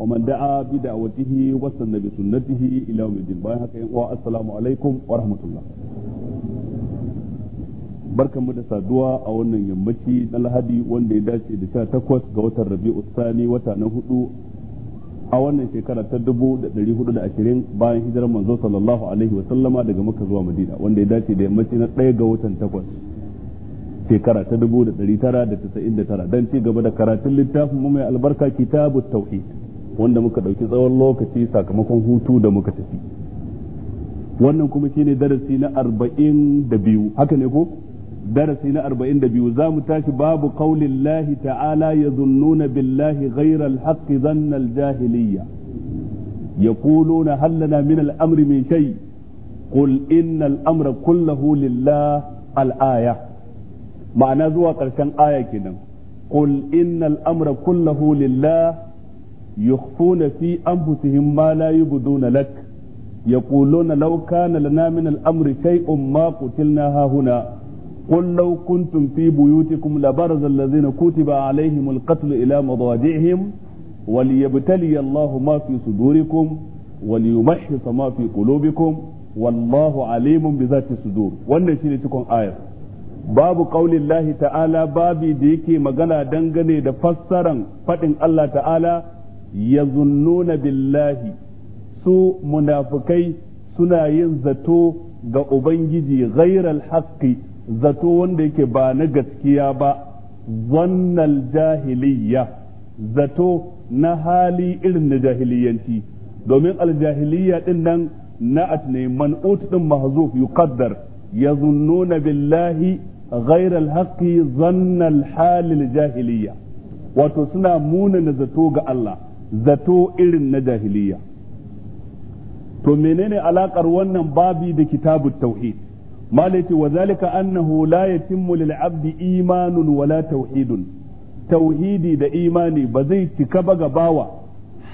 wa man da'a bi da'watihi wa sanna bi sunnatihi ila yawmiddin bayan haka yan uwa assalamu alaikum wa rahmatullah barkanmu da saduwa a wannan yammaci na Lahadi wanda ya dace da sha takwas ga watan Rabi'u Sani wata na hudu a wannan shekara ta dubu da dari hudu da ashirin bayan hijirar manzo sallallahu alaihi wa sallama daga Makka zuwa Madina wanda ya dace da yammaci na ɗaya ga watan takwas shekara ta dubu da dari tara da tasa'in da tara don ci gaba da karatun littafin mu mai albarka kitabut tauhid wanda muka ɗauki tsawon lokaci sakamakon hutu da muka tafi wannan kuma shine darasi na arba'in da biyu haka ne ko darasi na arba'in da biyu za mu tashi babu kaulin lahi ta'ala ya zunnuna billahi ghairar haqqi zannan jahiliya يقولون na لنا من الامر من shai, قل ان الامر كله لله الايه Ma'ana zuwa ƙarshen aya كده قل ان الامر كله لله يخفون في أنفسهم ما لا يبدون لك يقولون لو كان لنا من الأمر شيء ما قتلنا هاهنا قل لو كنتم في بيوتكم لبرز الذين كتب عليهم القتل إلى مضاجعهم وليبتلي الله ما في صدوركم وليمحص ما في قلوبكم والله عليم بذات الصدور wannan shine cikon ayar babu qaulin Allah ta'ala babi da yake magana dangane da fassaran fadin Allah ta'ala yazunnuna billahi su munafukai suna yin zato ga ubangiji ghairal haqqi zato wanda yake ba na gaskiya ba zannal jahiliya zato na hali irin na jahiliyanci domin aljahiliya din nan na'at ne man'ut din mahzuf yuqaddar yazunnuna billahi ghairal haqqi zannal halil jahiliya wato suna munana zato ga Allah zato irin na jahiliya to menene alakar wannan babi da kitabut tauhid malaiti wa zalika annahu la yatimmu lil abdi imanun wala tauhidun tauhidi da imani ba zai cika ba ga bawa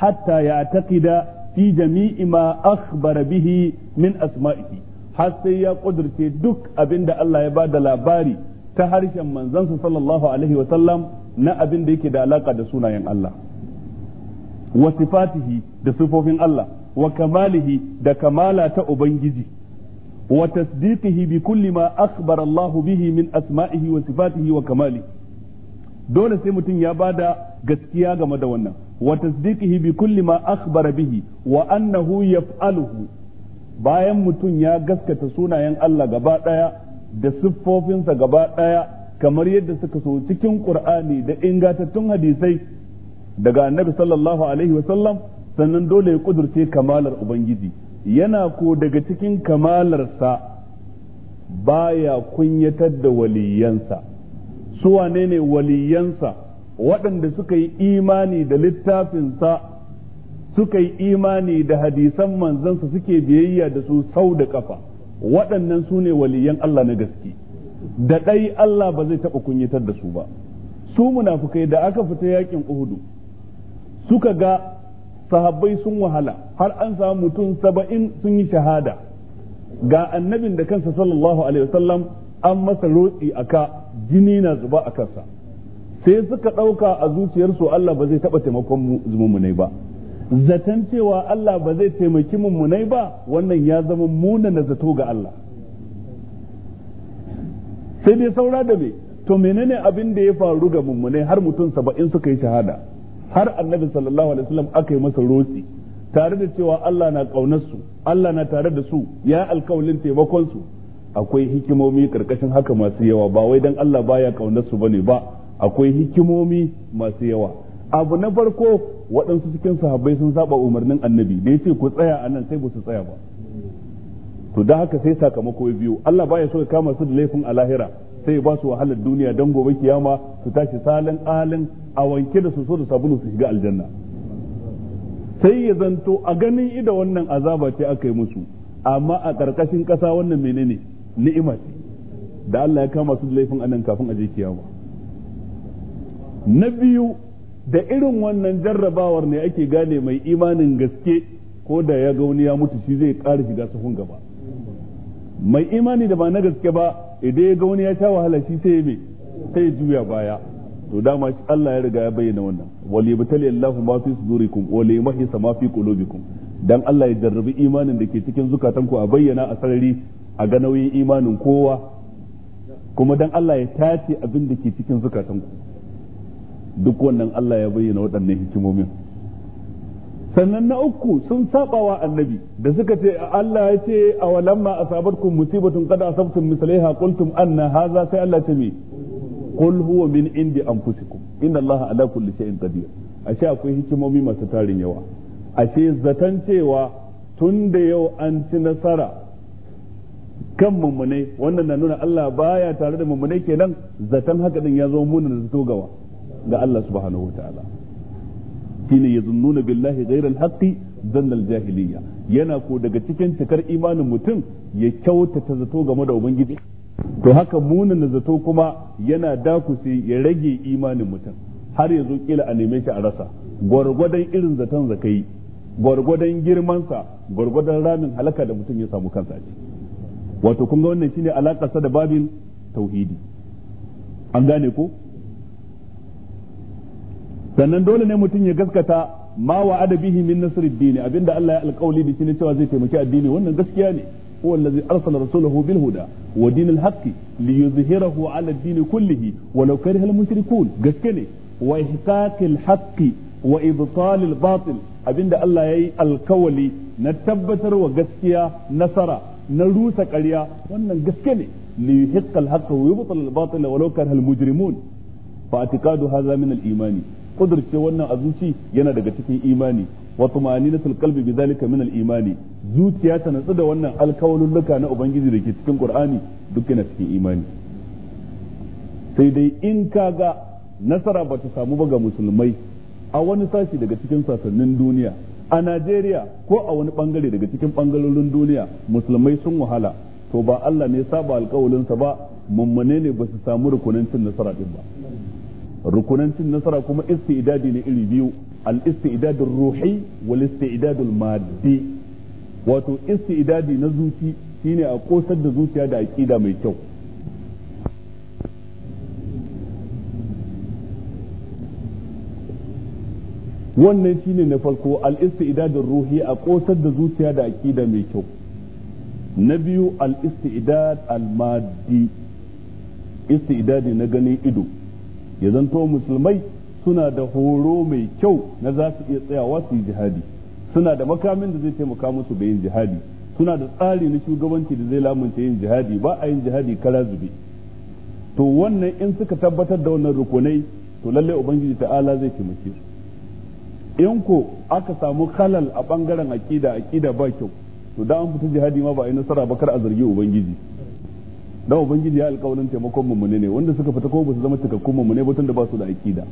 hatta ya taqida fi jami'i ma akhbara bihi min asma'ihi har sai ya kudurce duk abinda Allah ya bada labari ta harshen manzansa sallallahu alaihi wa sallam na abin da yake da alaka da sunayen Allah wa sifatihi da sifofin Allah wa kamalihi da kamala ta ubangiji wa tasdiqihi bi kulli ma akhbara Allah bihi min asma'ihi wa sifatihi wa kamali. dole sai mutum ya bada gaskiya game da wannan wa tasdiqihi bi kulli ma akhbara bihi wa annahu yaf'aluhu bayan mutum ya gaskata sunayen Allah gaba daya da siffofinsa gaba daya kamar yadda suka so cikin Qur'ani da ingantattun hadisai daga annabi sallallahu alaihi wasallam sannan dole ya kudurce kamalar ubangiji yana ko daga cikin kamalarsa baya kunyatar da waliyansa su wane ne waliyansa waɗanda suka yi imani da littafinsa suka yi imani da hadisan manzansa suke biyayya da su sau da ƙafa? waɗannan su ne waliyan Allah na gaske da ɗai Allah ba zai taɓa kunyatar da su ba su munafukai da aka fita yakin uhudu suka ga sahabbai sun wahala har an samu mutum saba'in sun yi shahada ga annabin da kansa sallallahu alaihi wasallam an masa rotsi a ka jini na zuba a kansa sai suka ɗauka a zuciyarsu Allah ba zai taɓa taimakon mu mummunai ba zaton cewa Allah ba zai taimaki mummunai ba wannan ya zama na zato ga Allah sai dai saura da me to menene abin da ya faru ga mummunai har mutum saba'in suka yi shahada har annabi sallallahu alaihi wasallam aka yi masa rotsi tare da cewa Allah na kaunar su Allah na tare da su ya alkawalin taimakon su akwai hikimomi karkashin haka masu yawa ba wai dan Allah baya kaunar su bane ba akwai hikimomi masu yawa abu na farko waɗansu cikin sahabbai sun saba umarnin annabi da yace ku tsaya anan sai ku tsaya ba to da haka sai sakamako ya biyo. Allah baya so ya kama su da laifin alahira sai ba su wahalar duniya dan gobe kiyama su tashi salin alin a wanke da soso da sabulu su shiga aljanna sai ya zanto a ganin ida wannan azaba ce aka yi musu amma a ƙarƙashin ƙasa wannan menene ni'ima ce da Allah ya kama su da laifin anan kafin a je kiyama na biyu da irin wannan jarrabawar ne ake gane mai imanin gaske ko da ya ga wani ya mutu shi zai ƙara shiga sahun gaba mai imani da ba na gaske ba idan ya ga wani ya sha wahala shi sai me sai juya baya to dama Allah ya riga ya bayyana wannan wal yabtali Allahu ma fi sudurikum wa li yumhisa ma fi qulubikum dan Allah ya jarrabi imanin da ke cikin zukatanku a bayyana a sarari a ga nauyin imanin kowa kuma dan Allah ya tace abin da ke cikin zukatanku duk wannan Allah ya bayyana waɗannan hikimomin sannan na uku sun sabawa annabi da suka ce Allah ya ce a walamma asabatkum musibatun qad asabtum mislaiha qultum anna hadha sai Allah ta me qul huwa min indi anfusikum inna allaha ala kulli shay'in qadir ashe akwai hikimomi masu tarin yawa ashe zaton cewa tun da yau an ci nasara kan mummune wannan na nuna Allah baya tare da mummune kenan zaton haka din ya zo munin da zato gawa ga Allah subhanahu wataala shine yazunnuna billahi ghayra alhaqi dhanna jahiliya yana ko daga cikin cikar imanin mutum ya kyautata zato game da ubangiji to haka munin zato kuma yana dakuse ya rage imanin mutum har ya zo kila a neme shi a rasa gwargwadon irin zaton zakai gwargwadon girmansa gwargwadon ramin halaka da mutum ya samu kansa ce wato kun ga wannan shine sa da babin tauhidi an gane ko sannan dole ne mutum ya gaskata ma wa adabihi min nasr dini abinda Allah ya alƙawli da shi ne cewa zai taimaki addini wannan gaskiya ne هو الذي أرسل رسوله بالهدى ودين الحق ليظهره على الدين كله ولو كره المشركون قسكني وإحقاق الحق وإبطال الباطل أبين الله يي الكولي نتبتر وقسكيا نصر نروس قريا وأن قسكني ليحق الحق ويبطل الباطل ولو كره المجرمون فاعتقاد هذا من الإيمان قدر شوانا أزوشي ينا دقتك إيماني wa tumaninatul qalbi bidhalika min al-imani zuciya ta natsu da wannan luka na ubangiji da ke cikin qur'ani duk yana cikin imani sai dai in kaga nasara ba ta samu ba ga musulmai a wani sashi daga cikin sasannin duniya a Najeriya ko a wani bangare daga cikin bangarorin duniya musulmai sun wahala to ba Allah ne saba sa ba mummune ne ba su samu rukunancin nasara din ba rukunancin nasara kuma istidadi ne iri biyu الاستعداد الروحي والاستعداد المادي istidad maddi wato istidadi na zuci shine a kosar da zuciya da aqida mai kyau wannan shine na farko al idadin ruhi a kosar da zuciya da aqida mai kyau na biyu al-istidad al-maddi istidadi na ganin ido ya zanto musulmai suna da horo mai kyau na za su iya tsayawa su yi jihadi suna da makamin da zai taimaka musu da yin jihadi suna da tsari na shugabanci da zai lamunta yin jihadi ba a yin jihadi kara zube to wannan in suka tabbatar da wannan rukunai to lalle ubangiji ta'ala zai taimake su in ko aka samu kalal a bangaren akida akida ba kyau to da an fita jihadi ma ba a yi nasara ba kar a zargi ubangiji da ubangiji ya alƙawarin taimakon mummune ne wanda suka fita ko ba su zama cikakkun mummune ba tunda ba su da akida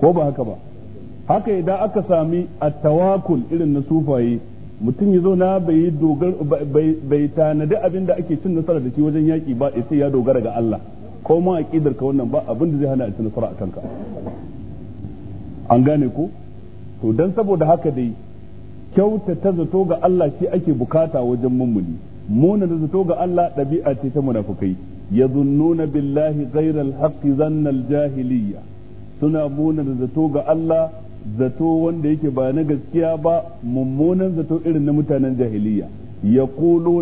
ko ba haka ba haka idan aka sami atawakul tawakul irin na sufaye mutum ya zo na bai bai tanadi abin da ake cin nasara da shi wajen yaki ba sai ya dogara ga Allah ko ma aqidar ka wannan ba abin da zai hana a cin nasara a kanka an gane ko to dan saboda haka dai kyautata zato ga Allah shi ake bukata wajen mummuni muna da zato ga Allah ɗabi'a ce ta munafukai yazunnuna billahi ghayral haqqi zannal jahiliyya suna munar zato ga Allah zato wanda yake ba na gaskiya ba mummunan zato irin na mutanen jahiliya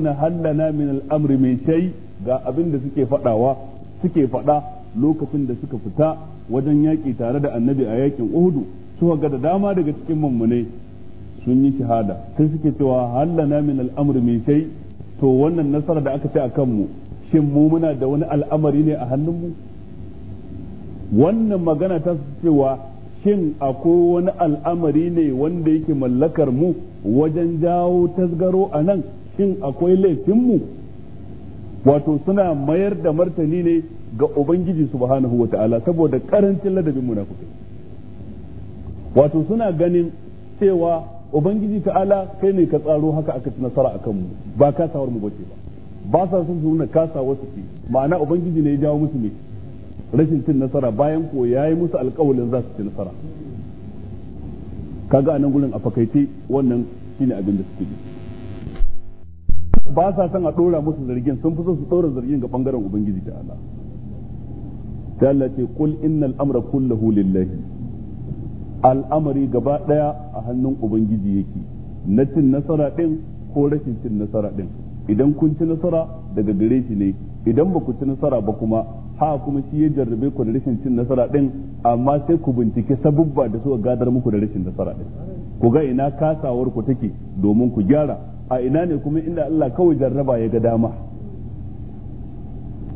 na hallana min al’amri mai shai ga abin da suke fadawa suke fada lokacin da suka fita wajen yaƙi tare da annabi a yakin Uhudu suka ga da dama daga cikin mummunai sun yi shahada sai suke cewa hallana min al’amri amri shai to wannan nasara da aka ce a kanmu shin mu muna da wani al'amari ne a hannunmu mu wannan magana ta cewa shin akwai wani al'amari ne wanda yake mallakar mu wajen jawo tasgaro a nan shin akwai laifinmu wato suna mayar da martani ne ga ubangiji subhanahu ta'ala saboda karancin ladabin munafukai wato suna ganin cewa ubangiji ta'ala kai ne ka tsaro haka aka ci nasara a kanmu ba kasawar mu bace ba ba sa son su nuna kasawar su ma'ana ubangiji ne ya jawo musu ne rashin cin nasara bayan ko yi musu alƙawalin za su ci nasara kaga anan gurin a fakaice wannan shine abin da suke ba sa son a dora musu zargin sun fi so su dora zargin ga bangaren ubangiji ta Allah ta Allah ce kul innal amra kulluhu lillahi al'amari gaba daya a hannun ubangiji yake na cin nasara din ko rashin cin nasara din idan kun ci nasara daga gare shi ne idan ba ku ci nasara ba kuma ha kuma shi ya jarrabe ku da rashin cin nasara din amma sai ku bincike sabubba da suka gadar muku da rashin nasara din ku ga ina kasawar ku take domin ku gyara a ina ne kuma inda Allah kawai jarraba ya ga dama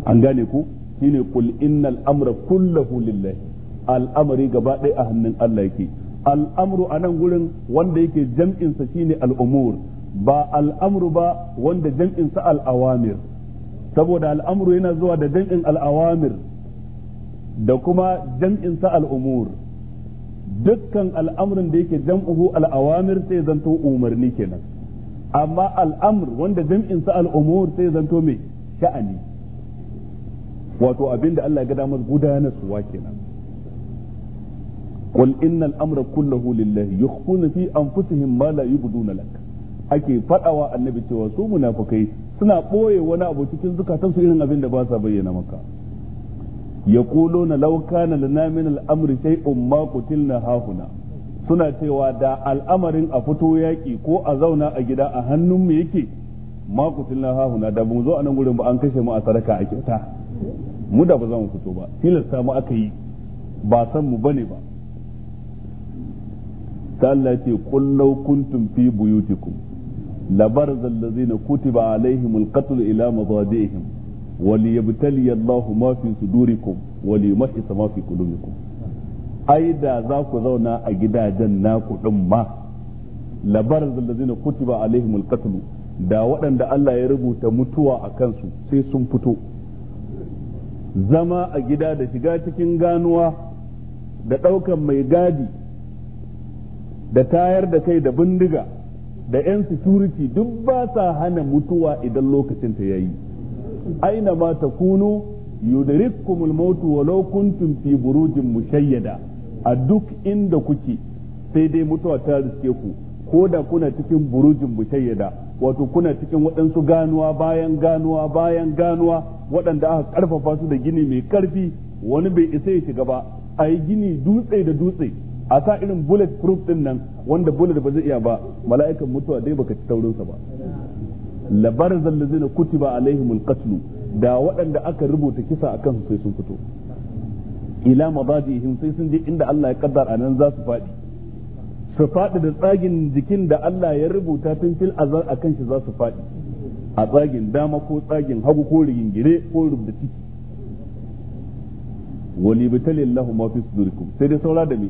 an gane ku shine kul innal amra kullahu lillahi al'amari gaba ɗaya a hannun Allah yake al'amru a nan gurin wanda yake jam'insa shine al'umur ba al'amru ba wanda jam'insa al'awamir saboda al'amuru yana zuwa da jam'in al'awamir da kuma jam'in sa al'umur dukkan al'amrin da yake jam'uhu al'awamir sai zanto umarni kenan amma al'amur wanda jam'in sa al'umur sai zanto mai sha'ani wato abin da Allah ya ga damar gudanarwa kenan قل إن الأمر كله لله يخفون في أنفسهم ما لا يبدون لك أكي فتوى النبي سوى سو منافقين suna ɓoye wani abu cikin zukatansu irin abin da ba sa bayyana maka ya yaquluna na lauka na min al’amri sai umma kutil na hahuna suna cewa da al'amarin a fito yaƙi ko a zauna a gida a hannun mu yake ma na hahuna da mu zo a nan gurin ba an kashe mu a saraka a kyauta mu da ba za mu fito ba tilasta mu aka yi ba san mu bane ba ta Allah ce qul fi buyutikum لبرز الذين كتب عليهم القتل إلى مضاجعهم وليبتلي الله ما في صدوركم وليمحص ما في قلوبكم ai da za ku zauna a gidajen naku ɗin labar zallazi na kutiba alaihim alqatlu da waɗanda Allah ya rubuta mutuwa a kansu sai sun fito zama a gida da shiga cikin ganuwa da ɗaukan mai gadi da tayar da kai da bindiga da yan security duk ba sa hana mutuwa idan lokacin ta yayi aina ma kunu yudrikkumul mautu walau kuntum fi burujin mushayyada a duk inda kuke sai dai mutuwa ta riske ku ko da kuna cikin burujin mushayyada wato kuna cikin waɗansu ganuwa bayan ganuwa bayan ganuwa waɗanda aka ƙarfafa su da gini mai ƙarfi wani bai isa ya shiga ba a gini dutse da dutse a sa irin bullet proof din nan wanda bullet ba zai iya ba mala'ikan mutuwa dai baka ci taurin sa ba labar zallazina kutiba alaihimul qatlu da waɗanda aka rubuta kisa akan su sai sun fito ila madajihim sai sun je inda Allah ya kaddar a nan za su faɗi su faɗi da tsagin jikin da Allah ya rubuta tun fil azar a shi za su faɗi a tsagin dama ko tsagin hagu ko rigingire ko rubda ciki wali bitalillahu ma fi sudurikum sai dai saura da me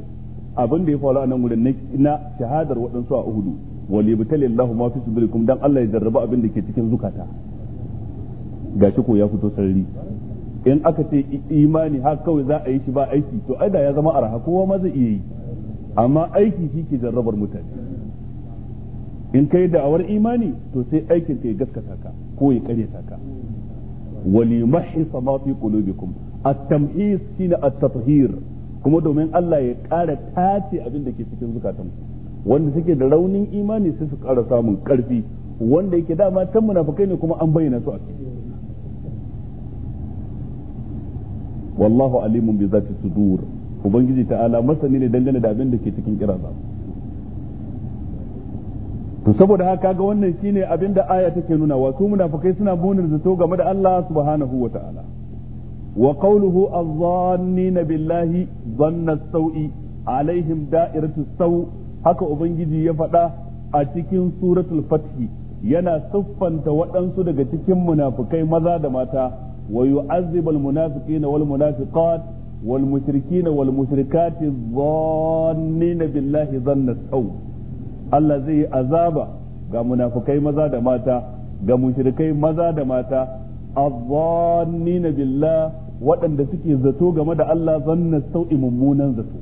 abin da ya faru a nan wurin na shahadar waɗansu a uhudu bi yabtali Allahu ma fi sudurikum dan Allah ya jarraba abin da ke cikin zukata gashi ko ya fito sarari in aka ce imani har kawai za a yi shi ba aiki to ai da ya zama arha kowa ma zai iya yi amma aiki shi ke jarrabar mutane in kai da'awar imani to sai aikin ka ya gaskata ka ko ya kare ka wali mahisa ma fi qulubikum at-tamhis shine at-tathhir kuma domin Allah ya ƙara tace abin da ke cikin zukatansu wanda suke da raunin imani sai su ƙara samun ƙarfi wanda yake dama can munafikai ne kuma an bayyana su a ciki wallahu alimun bi zati sudur ubangiji ta'ala masani ne dangane da abin da ke cikin kiraza to saboda haka ga wannan shine abin da aya take nuna wasu munafukai suna munin zato game da Allah subhanahu wa wa qawluhu adh-dhannina billahi dhanna as-sau'i alaihim da'iratu sau haka ubangiji ya faɗa a cikin suratul fathi yana siffanta waɗansu daga cikin munafukai maza da mata wa yu'azzibul munafiqina wal munafiqat wal mushrikina wal mushrikati dhannina billahi dhanna sau Allah zai yi azaba ga munafukai maza da mata ga mushirikai maza da mata adh-dhannina waɗanda suke zato game da Allah zanna sau'i mummunan zato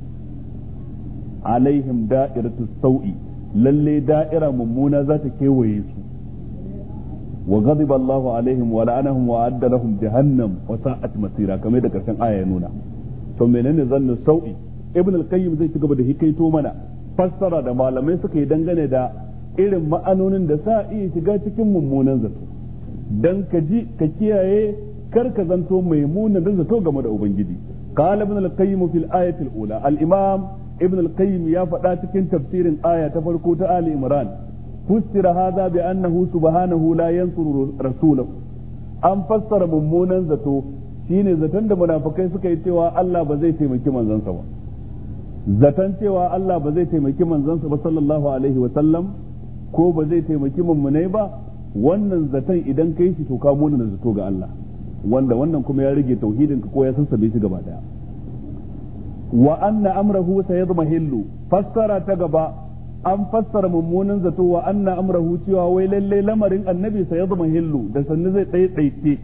alaihim da'iratu sau'i lalle da'ira mummuna za ta kewaye su wa ghadiba Allahu alaihim wa la'anahum wa adda wa sa'at masira kamar da karshen aya ya nuna to menene zanna sau'i ibn al zai cigaba da hikaito mana fassara da malamai suka yi dangane da irin ma'anonin da sa iya shiga cikin mummunan zato dan ka ji ka kiyaye kar ka zanto mai munin zato game da ubangiji qala ibn al-qayyim fil ayati al-ula al-imam ibn al-qayyim ya faɗa cikin tafsirin aya ta farko ta ali imran fassara hadha bi annahu subhanahu la yansuru rasulahu an fassara mummunan zato shine zaton da munafikai suka yi cewa Allah ba zai taimaki manzansa ba zaton cewa Allah ba zai taimaki manzansa ba sallallahu alaihi wa sallam ko ba zai taimaki mummunai ba wannan zaton idan kai shi to ka muna zato ga Allah wanda wannan kuma ya rage tauhidin ka ko ya sassabe shi gaba daya wa anna amrahu sayadmahillu fassara ta gaba an fassara mummunan zato wa anna amrahu cewa wai lalle lamarin annabi sayadmahillu da sanni zai tsaye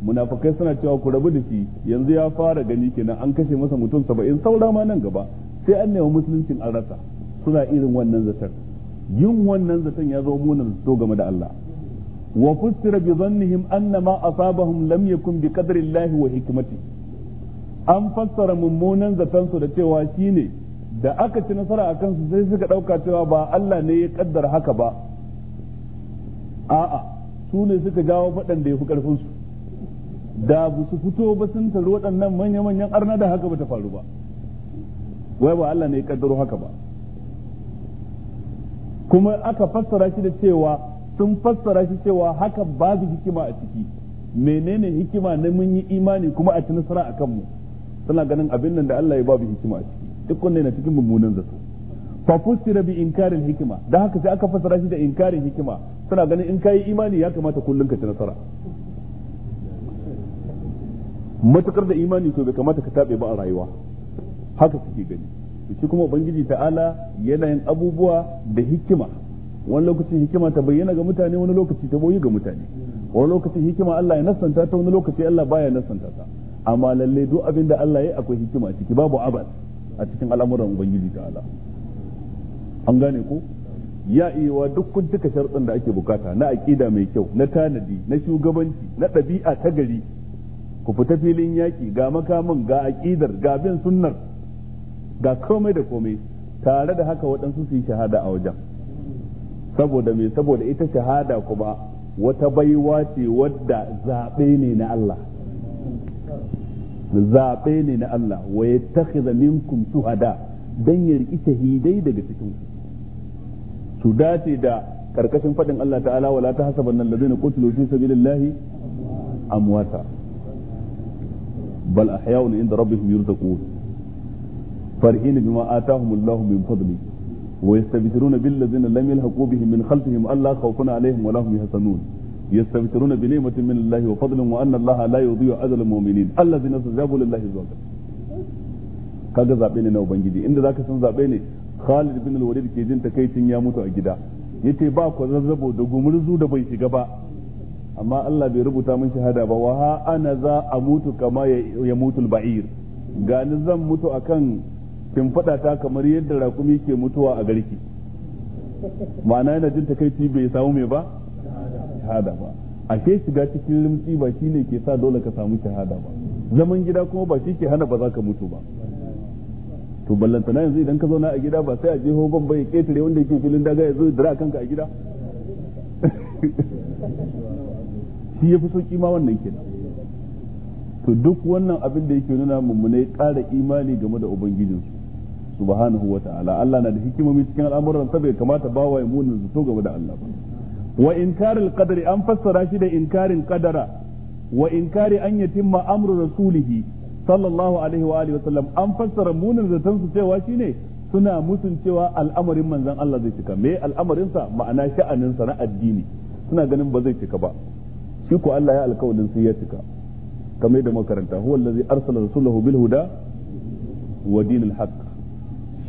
munafikai suna cewa ku rabu da shi yanzu ya fara gani kenan an kashe masa mutum saba'in saura ma nan gaba sai an nemi musuluncin an rasa suna irin wannan zatar yin wannan zaton ya zo munin zato game da Allah wa fustira bi dhannihim anna ma asabahum lam yakun bi qadri Allah wa hikmati an fassara mummunan zaton su da cewa shine da aka ci nasara a kansu sai suka dauka cewa ba Allah ne ya kaddara haka ba a'a su ne suka jawo faɗan da ya fi karfin su da ba su fito ba sun taro waɗannan manya-manyan arna da haka ba ta faru ba wai ba Allah ne ya kaddaro haka ba kuma aka fassara shi da cewa sun fassara shi cewa hakan babu hikima a ciki menene hikima na mun yi imani kuma a ci nasara a kanmu suna ganin abin nan da Allah ya babu hikima a ciki duk wanda yana cikin mummunan zato fa fusira bi inkarin hikima dan haka sai aka fassara shi da inkarin hikima suna ganin in kai imani ya kamata kullun ka ci nasara matukar da imani to bai kamata ka tabe ba a rayuwa haka suke gani shi kuma ubangiji ta'ala yana yin abubuwa da hikima wani lokacin hikima ta bayyana ga mutane wani lokaci ta boyi ga mutane wani lokacin hikima Allah ya nasanta ta wani lokaci Allah baya nasanta ta amma lalle duk abin da Allah ya akwai hikima ciki babu abad a cikin al'amuran ubangiji ta'ala an gane ko ya iya duk kun duka sharɗin da ake bukata na aƙida mai kyau na tanadi na shugabanci na ɗabi'a ta gari ku fita filin yaƙi ga makamin ga aƙidar ga bin sunnar ga komai da komai tare da haka waɗansu su yi shahada a wajen saboda me saboda ita shahada kuma wata baiwa ce wadda zaɓe ne na Allah zaɓe ne na Allah wa ya takhidha minkum shuhada dan ya riki shahidai daga cikin su dace da karkashin faɗin Allah ta'ala wala tahsabanna alladhina qutilu fi sabilillahi amwata bal ahya'un inda rabbihim yurzaqun فرحين بما آتاهم الله من فضله ويستبشرون بالذين لم يلحقوا بهم من خلفهم ألا خوف عليهم ولا هم يحزنون يستبشرون بنعمة من الله وفضل وأن الله لا يضيع أجر المؤمنين الذين استجابوا لله زوجا kaga ne na ubangiji inda ka san zaɓe ne Khalid bin al-Walid ke jin takaicin ya mutu a gida yace ba ko zazzabo da gumurzu da bai shiga ba amma Allah bai rubuta min shahada ba wa ha ana za a mutu kama ya mutul ba'ir ga ni zan mutu akan Kin faɗa ta kamar yadda rakumi ke mutuwa a garki ma'ana yana jin takaici bai samu mai ba shahada ba ke shiga cikin limsi ba shine ke sa dole ka samu shahada ba zaman gida kuma ba shi ke hana ba za ka mutu ba to na yanzu idan ka zauna a gida ba sai a je ho ban bai ketare wanda yake filin daga ya zo dira kanka a gida shi ya fi sauki ma wannan kenan to duk wannan abin da yake nuna mummunai ƙara imani game da ubangijinsu subhanahu wa ta'ala Allah na da hikimomi cikin al'amuran sa bai kamata ba wa munin zato game da Allah ba wa inkaril qadari an fassara shi da inkarin qadara wa inkari an yatimma amru rasulihi sallallahu alaihi wa alihi wa sallam an fassara munin zaton su cewa shine suna mutun cewa al'amarin manzon Allah zai cika me al'amarin sa ma'ana sha'anin sa na addini suna ganin ba zai cika ba shi ko Allah ya alƙawarin sai ya cika kamar da makaranta huwa allazi arsala rasulahu bil huda wa dinil haqq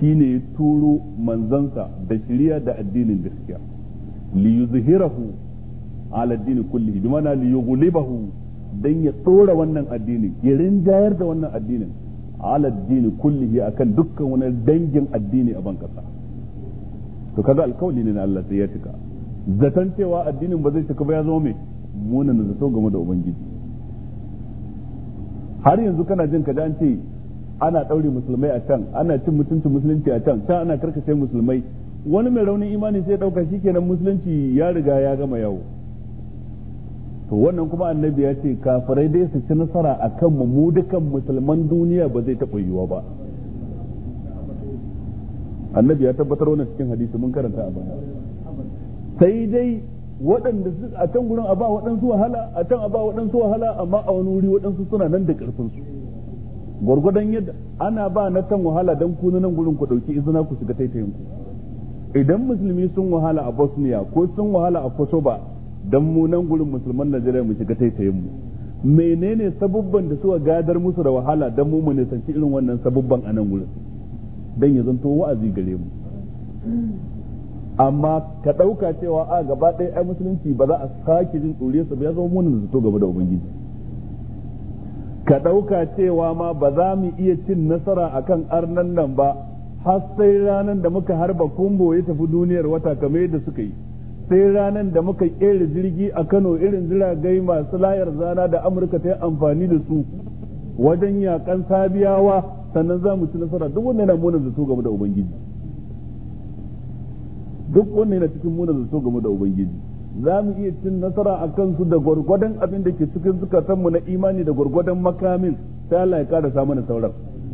shine ya turo manzansa da shirya da addinin gaskiya li yuzhirahu ala addini kullihi bi mana li yughlibahu dan ya tsora wannan addinin ya rinjayar da wannan addinin ala addini kullihi akan dukkan wani dangin addini a bankasa to kaga alkawli ne na Allah sai ya cika zaton cewa addinin ba zai cika ba ya zama mai munana zato game da ubangiji har yanzu kana jin ka an ce ana ɗaure musulmai a can ana cin mutuncin musulunci a can can ana karkace musulmai wani mai raunin imani sai ɗauka shi kenan musulunci ya riga ya gama yawo to wannan kuma annabi ya ce kafirai dai su ci nasara a kan mu dukan musulman duniya ba zai taɓa yiwuwa ba annabi ya tabbatar wannan cikin hadisi mun karanta a baya sai dai waɗanda a can gurin a ba waɗansu wahala a can a ba waɗansu wahala amma a wani wuri waɗansu suna nan da ƙarfinsu gwargwadon yadda ana ba na can wahala dan ku nan gurin ku dauki izina ku shiga taitayin ku idan musulmi sun wahala a Bosnia ko sun wahala a Kosova dan mu nan gurin musulman Najeriya mu shiga taitayin mu menene sabubban da suka gadar musu da wahala dan mu mu nisanci irin wannan sabubban a nan gurin dan ya zanto wa'azi gare mu amma ka dauka cewa a gaba ɗaya ai musulunci ba za a sake jin tsoriyarsa ba ya zama munin zato gaba da ubangiji ka ɗauka cewa ma ba za mu iya cin nasara a kan arnan nan ba har sai ranar da muka harba kumbo ya tafi duniyar wata kamar yadda suka yi sai ranar da muka kera jirgi a kano irin jiragai masu layar zana da amurka ta yi amfani da su wajen yakan sabiyawa sannan za mu ci nasara duk wanda yana da zato game da ubangiji duk wanda yana cikin da zato game da ubangiji za mu iya cin nasara a kansu da gwargwadon abin da ke cikin zukatanmu na imani da gwargwadon makamin sai Allah ya karasa mana sauran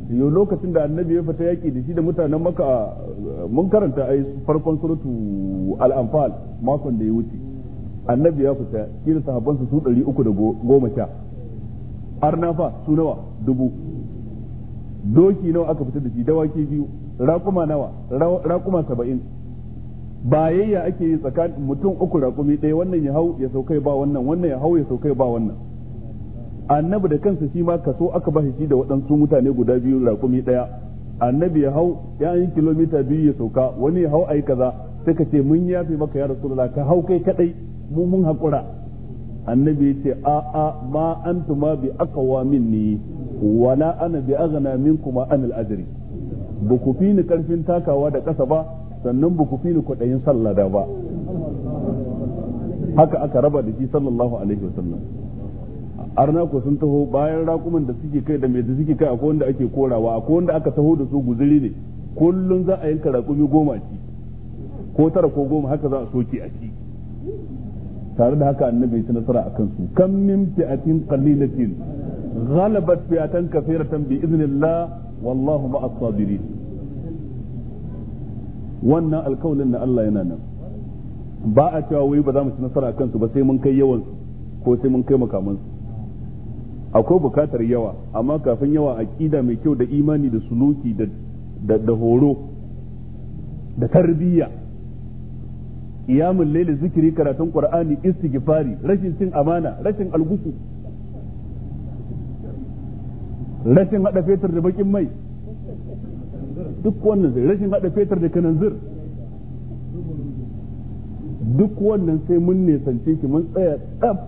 yau lokacin da annabi ya fita yaƙi da shi da mutanen maka mun karanta a farkon suratu al'amfal makon da ya wuce annabi ya fita shi da sahabbansa su ɗari uku da goma sha arnafa su nawa dubu doki nawa aka fita da shi dawaki biyu raƙuma nawa raƙuma saba'in bayayya ake yi tsakanin mutum uku raƙumi ɗaya wannan ya hau ya saukai ba wannan wannan ya hau ya saukai ba wannan annabi da kansa shi ma kaso aka ba shi da waɗansu mutane guda biyu raƙumi ɗaya annabi ya hau ya yi kilomita biyu ya sauka wani ya hau a yi kaza sai ka ce mun yafe maka ya rasulullah ka hau kai kaɗai mu mun haƙura annabi ya ce a a ma antuma bi aqwa minni wala ana bi aghna minkum an ajri ba ku fi ni karfin takawa da kasa ba sannan ba ku fi ni kwaɗayin sallah da ba haka aka raba da shi sallallahu alaihi sallam arna ko sun taho bayan rakuman da suke kai da mai da suke kai akwai wanda ake korawa akwai wanda aka taho da su guzuri ne kullun za a yanka rakumi goma a ci ko tara ko goma haka za a soke a ci tare da haka annabi ya nasara a kansu kam min fi'atin qalilatin ghalabat fi'atan kathiratan bi idnillah wallahu ma'as sabirin wannan alkawalin na Allah yana nan ba a cewa wai ba za mu ci nasara kansu ba sai mun kai yawan ko sai mun kai makamansu akwai bukatar yawa amma kafin yawa aqida mai kyau da imani da suluki da da horo da tarbiyya iyamul laili zikiri karatun qur'ani istighfari rashin cin amana rashin alguku rashin hada fetur da bakin mai duk wannan zai rashin hada fetur da kananzir duk wannan sai mun nesance ki mun tsaya tsaf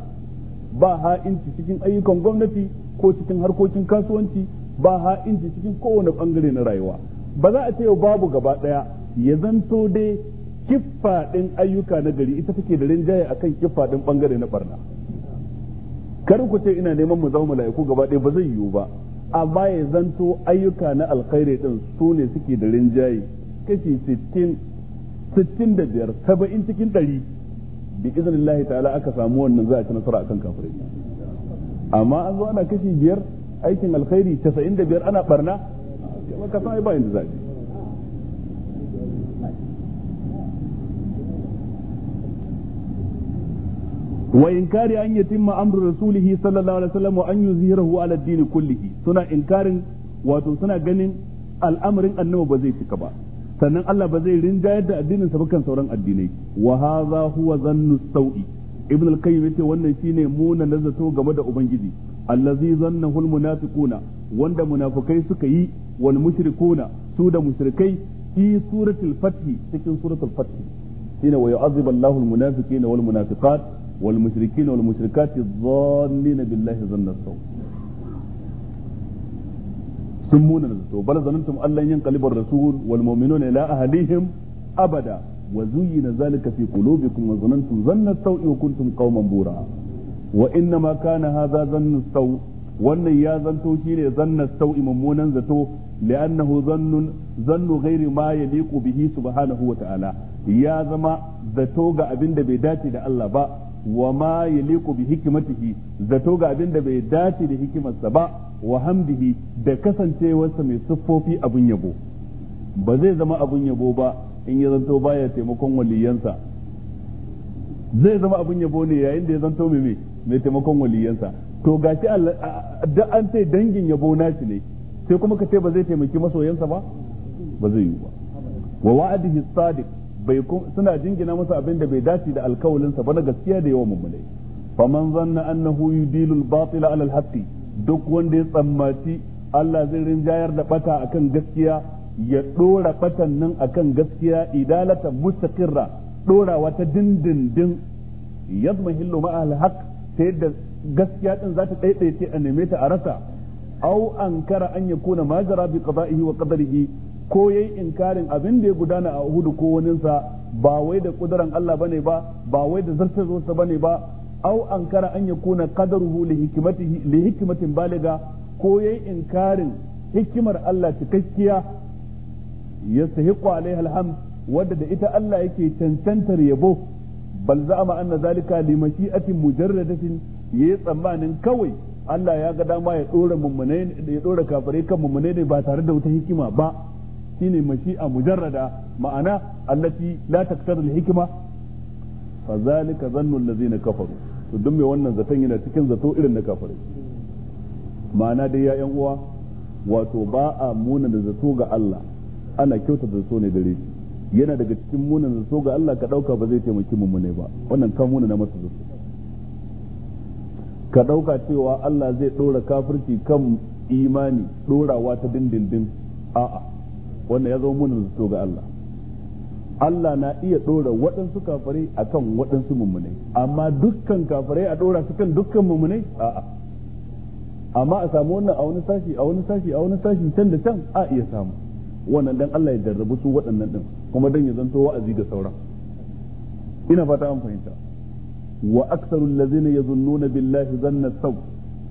ba ha'inci cikin ayyukan gwamnati ko cikin harkokin kasuwanci ba ha'inci cikin kowane bangare na rayuwa ba za a ce babu gaba daya ya zanto dai kiffa ayyuka na gari ita take da rinjaye akan kan din bangare na ɓarna kar ku ce ina neman mu zama mala'iku gaba daya ba zai yiwu ba amma ya zanto ayyuka na alkhairi din su ne suke da rinjaye kashi 60 65 70 cikin ɗari bi iznillahi ta'ala aka samu wannan za a ci nasara akan kafirai amma an zo ana kashi biyar aikin alkhairi 95 ana barna ka san ai bayan inda wa inkari an yatimma amru rasulih sallallahu alaihi wa an yuzhirahu ala ad-din kullihi suna inkarin wato suna ganin al'amarin annabi ba zai cika ba sannan Allah ba zai rinjayar da addinin sa ba kan sauran addinai wa hadha huwa zannu sawi ibn al-qayyim yace wannan shine muna zato game da ubangiji allazi zannahu al-munafiquna wanda munafikai suka yi wal mushrikuna su da mushrikai fi suratul fath cikin suratul fath shine wa yu'adhibu Allahu al-munafiqina wal mushrikina wal mushrikati dhannina billahi dhanna saw sun muna da zato bal zanantum allan yanqalibar rasul wal mu'minuna ila ahlihim abada wa zuyyina zalika fi qulubikum wa zanantum dhanna saw wa kuntum qauman bura wa inna ma kana hadha dhanna saw wannan ya zanto shine zanna sau'i mummunan zato li'annahu zannun zannu ghairi ma yaliqu bihi subhanahu wa ta'ala ya zama zato ga abin da bai dace da Allah ba wa ma yaliqu bi hikmatihi zato ga abin da bai dace da hikimarsa ba wa hamdihi da kasancewarsa mai siffofi abun yabo ba zai zama abun yabo ba in ya zanto baya taimakon waliyansa zai zama abun yabo ne yayin da ya zanto mai mai taimakon waliyansa to gashi da an sai dangin yabo nashi ne sai kuma ka ce ba zai taimaki masoyansa ba ba zai yi ba wa wa'adihi sadiq bai suna jingina masa abin da bai dace da alkawalinsa ba na gaskiya da yawan mummunai faman zanna annahu yudilu al-batila ala al-haqqi duk wanda ya tsammaci Allah zai rinjayar da bata akan gaskiya ya dora batan nan akan gaskiya idalatan mustaqirra dorawa ta dindindin yadmahillu ma al-haqq sai da gaskiya din zata ɗaiɗaice a neme ta a rasa aw ankara an yakuna majara bi qada'ihi wa qadarihi ko yayi inkarin abin da ya gudana a Uhud ko waninsa ba wai da kudaran Allah bane ba ba wai da zartar sa bane ba au ankara an yakuna qadaruhu li hikmatihi li hikmatin baliga ko yayi inkarin hikimar Allah cikakkiya yastahiqu alaiha alhamd wadda da ita Allah yake cancantar yabo bal za'ama anna zalika li mashi'atin mujarradatin yayi tsammanin kawai Allah ya ga dama ya dora mummune ya dora kafirai kan mummune ne ba tare da wata hikima ba shine mashi'a mujarrada ma'ana allati la taktar al-hikma fa zalika zannu allazina kafaru to duk mai wannan zaton yana cikin zato irin na kafare ma'ana dai ya yan uwa wato ba a da zato ga Allah ana kyautata zato ne gare shi yana daga cikin da zato ga Allah ka dauka ba zai taimaki mu ne ba wannan ka munana masa zato ka dauka cewa Allah zai dora kafirci kan imani dorawa ta dindindin a'a wannan ya zama munin zato ga Allah Allah na iya ɗora waɗansu kafirai a kan waɗansu mummunai amma dukkan kafirai a dora su kan dukkan mummunai a'a amma a samu wannan a wani sashi a wani sashi a wani sashi can da can a iya samu wannan dan Allah ya jarrabu su waɗannan din kuma dan ya zanto wa'azi ga sauran ina fata an fahimta wa aktsaru allazina yazunnuna billahi zanna sau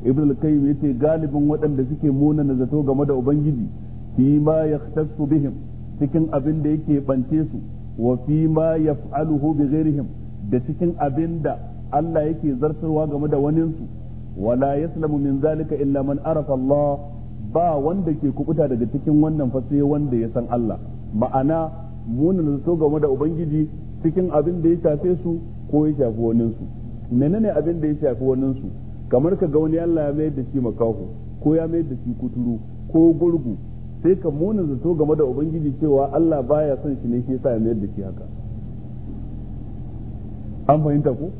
ibnu al-qayyim yace galibin waɗanda suke munana zato game da ubangiji fi ma yaktasu bihim cikin abin da yake bance su wa fi ma yaf'aluhu bi ghairihim da cikin abin da Allah yake zartarwa game da waninsu wala yaslamu min zalika illa man arafa Allah ba wanda ke kubuta daga cikin wannan fa wanda ya san Allah ma'ana munin so game da ubangiji cikin abin da ya shafe su ko ya shafi waninsu menene abin da ya shafi waninsu kamar ka ga wani Allah ya mayar da shi makaho ko ya mayar da shi kuturu ko gurgu sai ka munin zato game da ubangiji cewa Allah baya son shi ne shi yasa ya mayar da shi haka an fahimta ko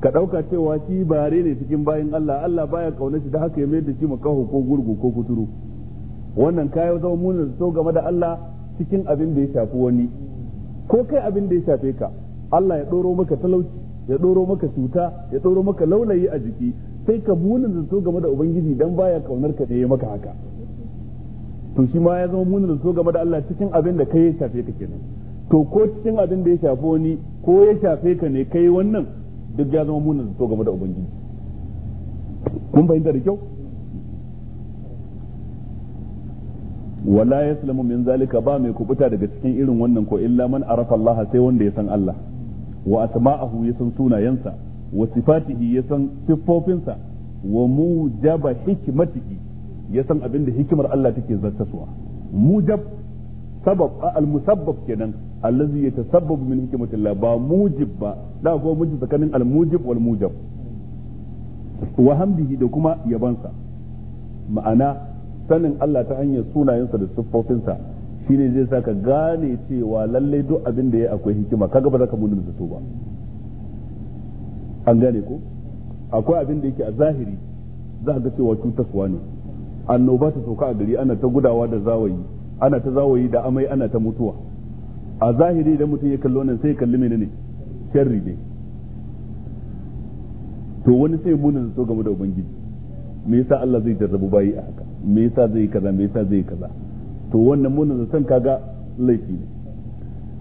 ka dauka cewa shi bare ne cikin bayin Allah Allah baya kauna shi da haka ya mayar da shi makaho ko gurgu ko kuturu wannan kayo zama munin zato game da Allah cikin abin da ya shafi wani ko kai abin da ya shafe ka Allah ya doro maka talauci ya doro maka cuta ya ɗoro maka laulayi a jiki sai ka munin zato game da ubangiji dan baya kaunar ka da ya maka haka to shi ma ya zama munin so game da Allah cikin abin da kai ya shafe ka kenan to ko cikin abin da ya shafe wani ko ya shafe ka ne kai wannan duk ya zama munin so game da ubangiji kun bayyana da kyau wala yaslamu min zalika ba mai kubuta daga cikin irin wannan ko illa man arafa Allah sai wanda ya san Allah wa asma'ahu ya san sunayensa wa sifatihi ya san siffofinsa wa mujaba hikmatihi ya san abin da hikimar Allah take zartaswa mujab sabab al musabbab kenan allazi yatasabbabu min hikmatillah ba mujib ba da ko mujib tsakanin al mujib wal mujab wa hamdihi da kuma yabansa ma'ana sanin Allah ta hanyar sunayensa da siffofinsa shine zai sa ka gane cewa lallai duk abin da ya akwai hikima kaga ba za ka munin zato ba an gane ko akwai abin da yake a zahiri za ka ga cewa cutaswa ne annoba ta sauka a gari ana ta gudawa da zawayi ana ta zawayi da amai ana ta mutuwa a zahiri idan mutum ya kalli wannan sai ya kalli menene sharri ne to wani sai munin so game da ubangiji me yasa Allah zai jarrabu bayi a haka me yasa zai kaza me yasa zai kaza to wannan munin zaton kaga laifi ne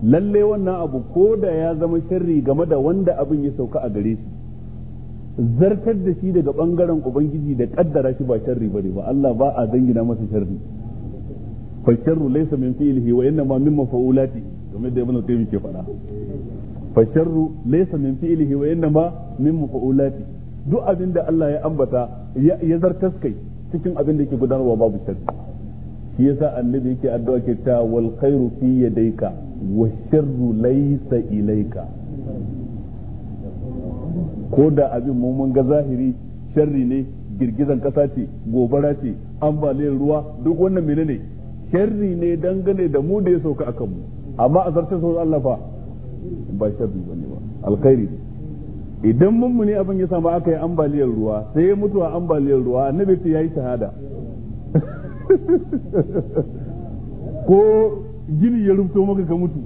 lalle wannan abu ko da ya zama sharri game da wanda abin ya sauka a gare shi zartar da shi daga bangaren ubangiji da kaddara shi ba sharri bane ba Allah ba a dangina masa sharri fa sharru laysa min fi'lihi wa innama min maf'ulati kamar da ibnu taymi ke fada fa sharru laysa min fi'lihi wa innama min maf'ulati duk abin da Allah ya ambata ya zartas kai cikin abin da yake gudanarwa babu sharri shi yasa annabi yake addu'a ke ta wal khairu fi yadayka wa sharru laysa ilayka ko da abin mu mun ga zahiri sharri ne girgizan kasa ce gobara ce ambaliyar ruwa duk wannan menene sharri ne dangane da mu da ya sauka akan mu amma a zartar sauran Allah fa ba sharri ne ba alkhairi ne. idan mun ne abin ya samu aka yi ambaliyar ruwa sai ya mutu a ambaliyar ruwa annabi ya yayi shahada ko gini ya rufto maka ka mutu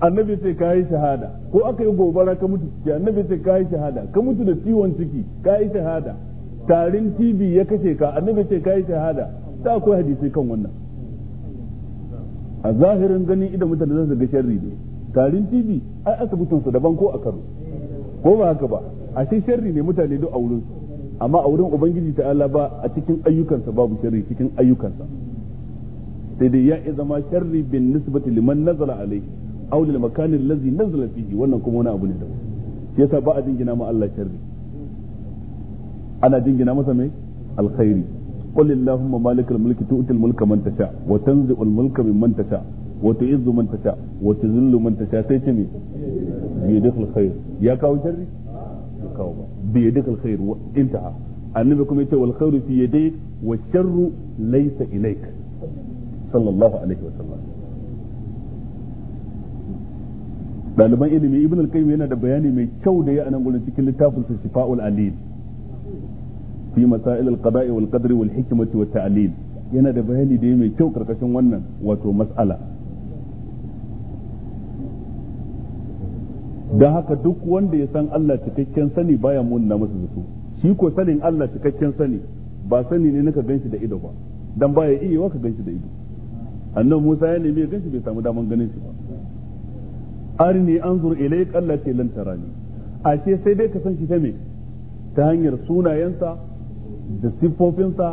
annabi sai ka yi shahada ko aka yi gobara ka mutu ciki annabi sai ka yi shahada ka mutu da ciwon ciki ka yi shahada tarin tv ya kashe ka annabi sai ka yi shahada ta akwai hadisi kan wannan a zahirin gani idan mutane za su ga sharri ne tarin tv ai asibitin su daban ko a karo ko ba haka ba a shi sharri ne mutane duk a wurin amma a wurin ubangiji ta'ala ba a cikin ayyukansa babu sharri cikin ayyukansa sai dai ya zama sharri bin nisbati liman nazara alaihi aw lil makani allazi nazala wannan kuma wani abu ne daban yasa ba a jingina ma Allah sharri ana jingina masa mai alkhairi qul allahumma annabi kuma yace wal khairu ɗaliban ilimi ibn al-qayyim yana da bayani mai kyau da ya anan gurin cikin littafin sa shifa'ul alil fi masail al-qada'i wal qadri wal hikmati wat ta'lil yana da bayani da mai kyau karkashin wannan wato mas'ala da haka duk wanda ya san Allah cikakken sani baya munna masa zato shi ko sanin Allah cikakken sani ba sani ne naka ganshi da ido ba dan baya iya ka ganshi da ido annabi Musa ya nemi ya ganshi bai samu daman ganin shi ba arni anzur ilayka allati lan tarani ashe sai dai ka san shi ta me ta hanyar sunayensa da siffofinsa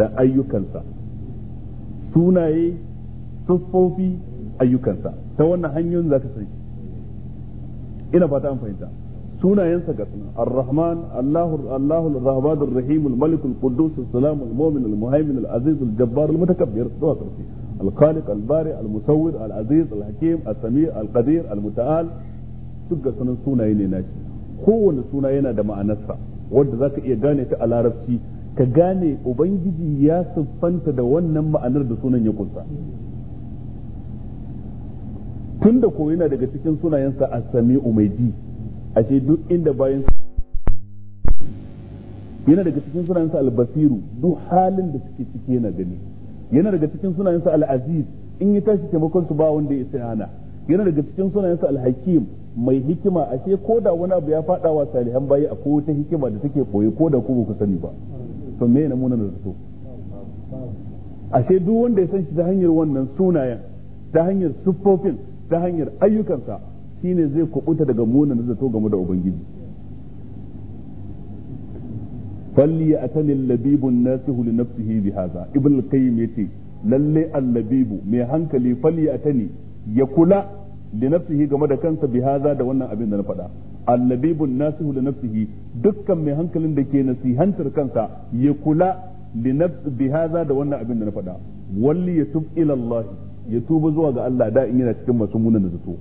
da ayyukansa sunaye siffofi ayyukansa ta wannan hanyoyin za ka san shi ina fata an fahimta sunayensa ga sunan ar-rahman allahu allahu ar-rahman ar al-malik al-quddus as-salam al-mu'min al-muhaymin al-aziz al-jabbar al-mutakabbir zuwa ƙarshe al albari, al-bari al-musawwir al-aziz al-hakim as-sami' ga sunan sunaye ne nashi kowane suna yana da ma'anarsa wanda zaka iya gane ta a larabci ka gane ubangiji ya siffanta da wannan ma'anar da sunan ya kunsa tunda ko yana daga cikin sunayensa as-sami'u mai ji duk inda bayan yana daga cikin sunansa albasiru duk halin da suke cike yana gani yana daga cikin sunayensa al-aziz in ya tashi taimakon su ba wanda ya sai ana yana daga cikin sunayensa al-hakim mai hikima ashe ko da wani abu ya fada wa salihan bayi a ko ta hikima da take koyi ko da ku ku sani ba to me ne munana da so ashe duk wanda ya san shi ta hanyar wannan sunayen ta hanyar siffofin ta hanyar ayyukansa shine zai kubuta daga munana da zato game da ubangiji falli a atani labibun nasihu li nafsihi bi hadha ibn al-qayyim yace lalle al-labibu mai hankali falli a atani ya kula li nafsihi game da kansa bi hadha da wannan abin da na faɗa al-labibun nasihu li nafsihi dukkan mai hankalin da ke nasihantar kansa ya kula li nafsi bi hadha da wannan abin da na faɗa walli yatub ila Allah ya tuba zuwa ga Allah da in yana cikin masu munan da zato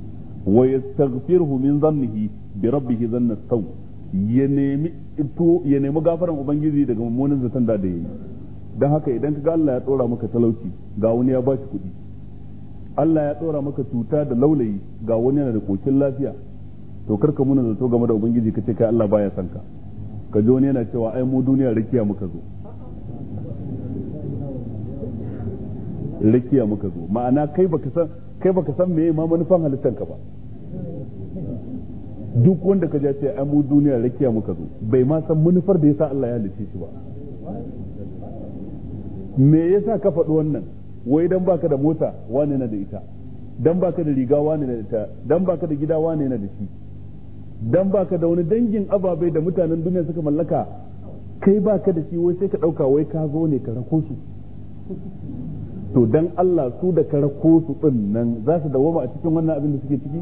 wa yastaghfiruhu min dhannihi bi rabbih dhanna saw ya nemi ya nemi gafaran ubangiji daga mummunan zaton da da yi don haka idan ka ga Allah ya tsora maka talauci ga wani ya bashi kuɗi Allah ya tsora maka cuta da laulayi ga wani yana da kokin lafiya to karka muna zato game da ubangiji ce kai Allah baya san ka ka ji wani yana cewa ai mu duniya rikiya muka zo rikiya muka zo ma'ana kai baka san kai baka san meye ma manufan halittanka ba duk wanda ka ce ai mu duniya rakiya muka zo bai ma san manufar da ya yasa Allah ya halice shi ba me yasa ka faɗi wannan wai dan baka da mota wane na da ita dan baka da riga wane na da ita dan baka da gida wane na da shi dan baka da wani dangin ababai da mutanen duniya suka mallaka kai baka da shi wai sai ka dauka wai ka zo ne ka rako su to dan Allah su da ka rako su din nan za su dawoma a cikin wannan abin da suke ciki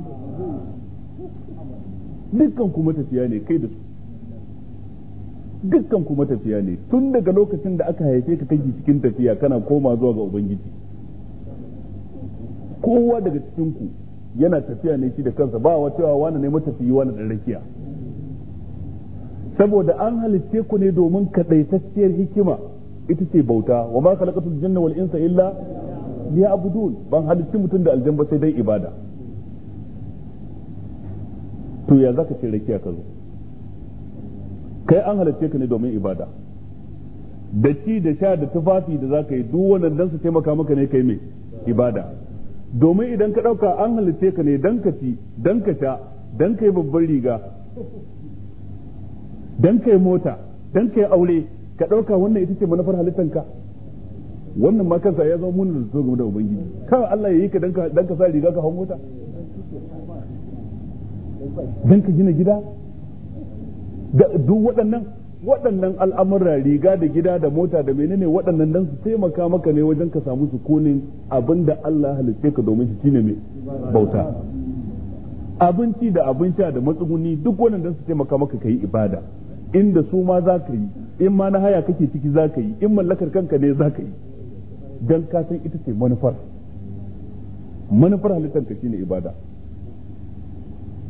dukkan ku matafiya ne kai da su dukkan ku matafiya ne tun daga lokacin da aka haife ka kake cikin tafiya kana koma zuwa ga ubangiji kowa daga cikin ku yana tafiya ne shi da kansa ba wa cewa wani ne matafiyi wani da rakiya saboda an halitte ku ne domin kadaitacciyar hikima ita ce bauta wa ma khalaqatul jinna wal insa illa liya'budun ban halitti mutum da aljanna sai dai ibada to ya zaka ce rakiya ka zo kai an halarce ka ne domin ibada da ci da sha da tufafi da za ka yi duk wannan dan su taimaka maka ne kai mai ibada domin idan ka dauka an halarce ka ne dan ka ci dan ka sha dan kai babban riga dan kai mota dan kai aure ka dauka wannan ita ce manufar ka wannan ma kansa ya zama munin da game da ubangiji kawai Allah ya yi ka dan ka sa riga ka hau mota don ka gina gida da duk waɗannan waɗannan al'amura riga da gida da mota da menene waɗannan dan su taimaka maka ne wajen ka samu sukunin abinda Allah halitta ka domin shi ne mai bauta abinci da abin da matsuguni duk wannan dan su taimaka maka kai ibada inda su ma za ka yi in ma na haya kake ciki za ka yi in mallakar kanka ne za ka yi dan ka san ita ce manufar manufar halittar ka shine ibada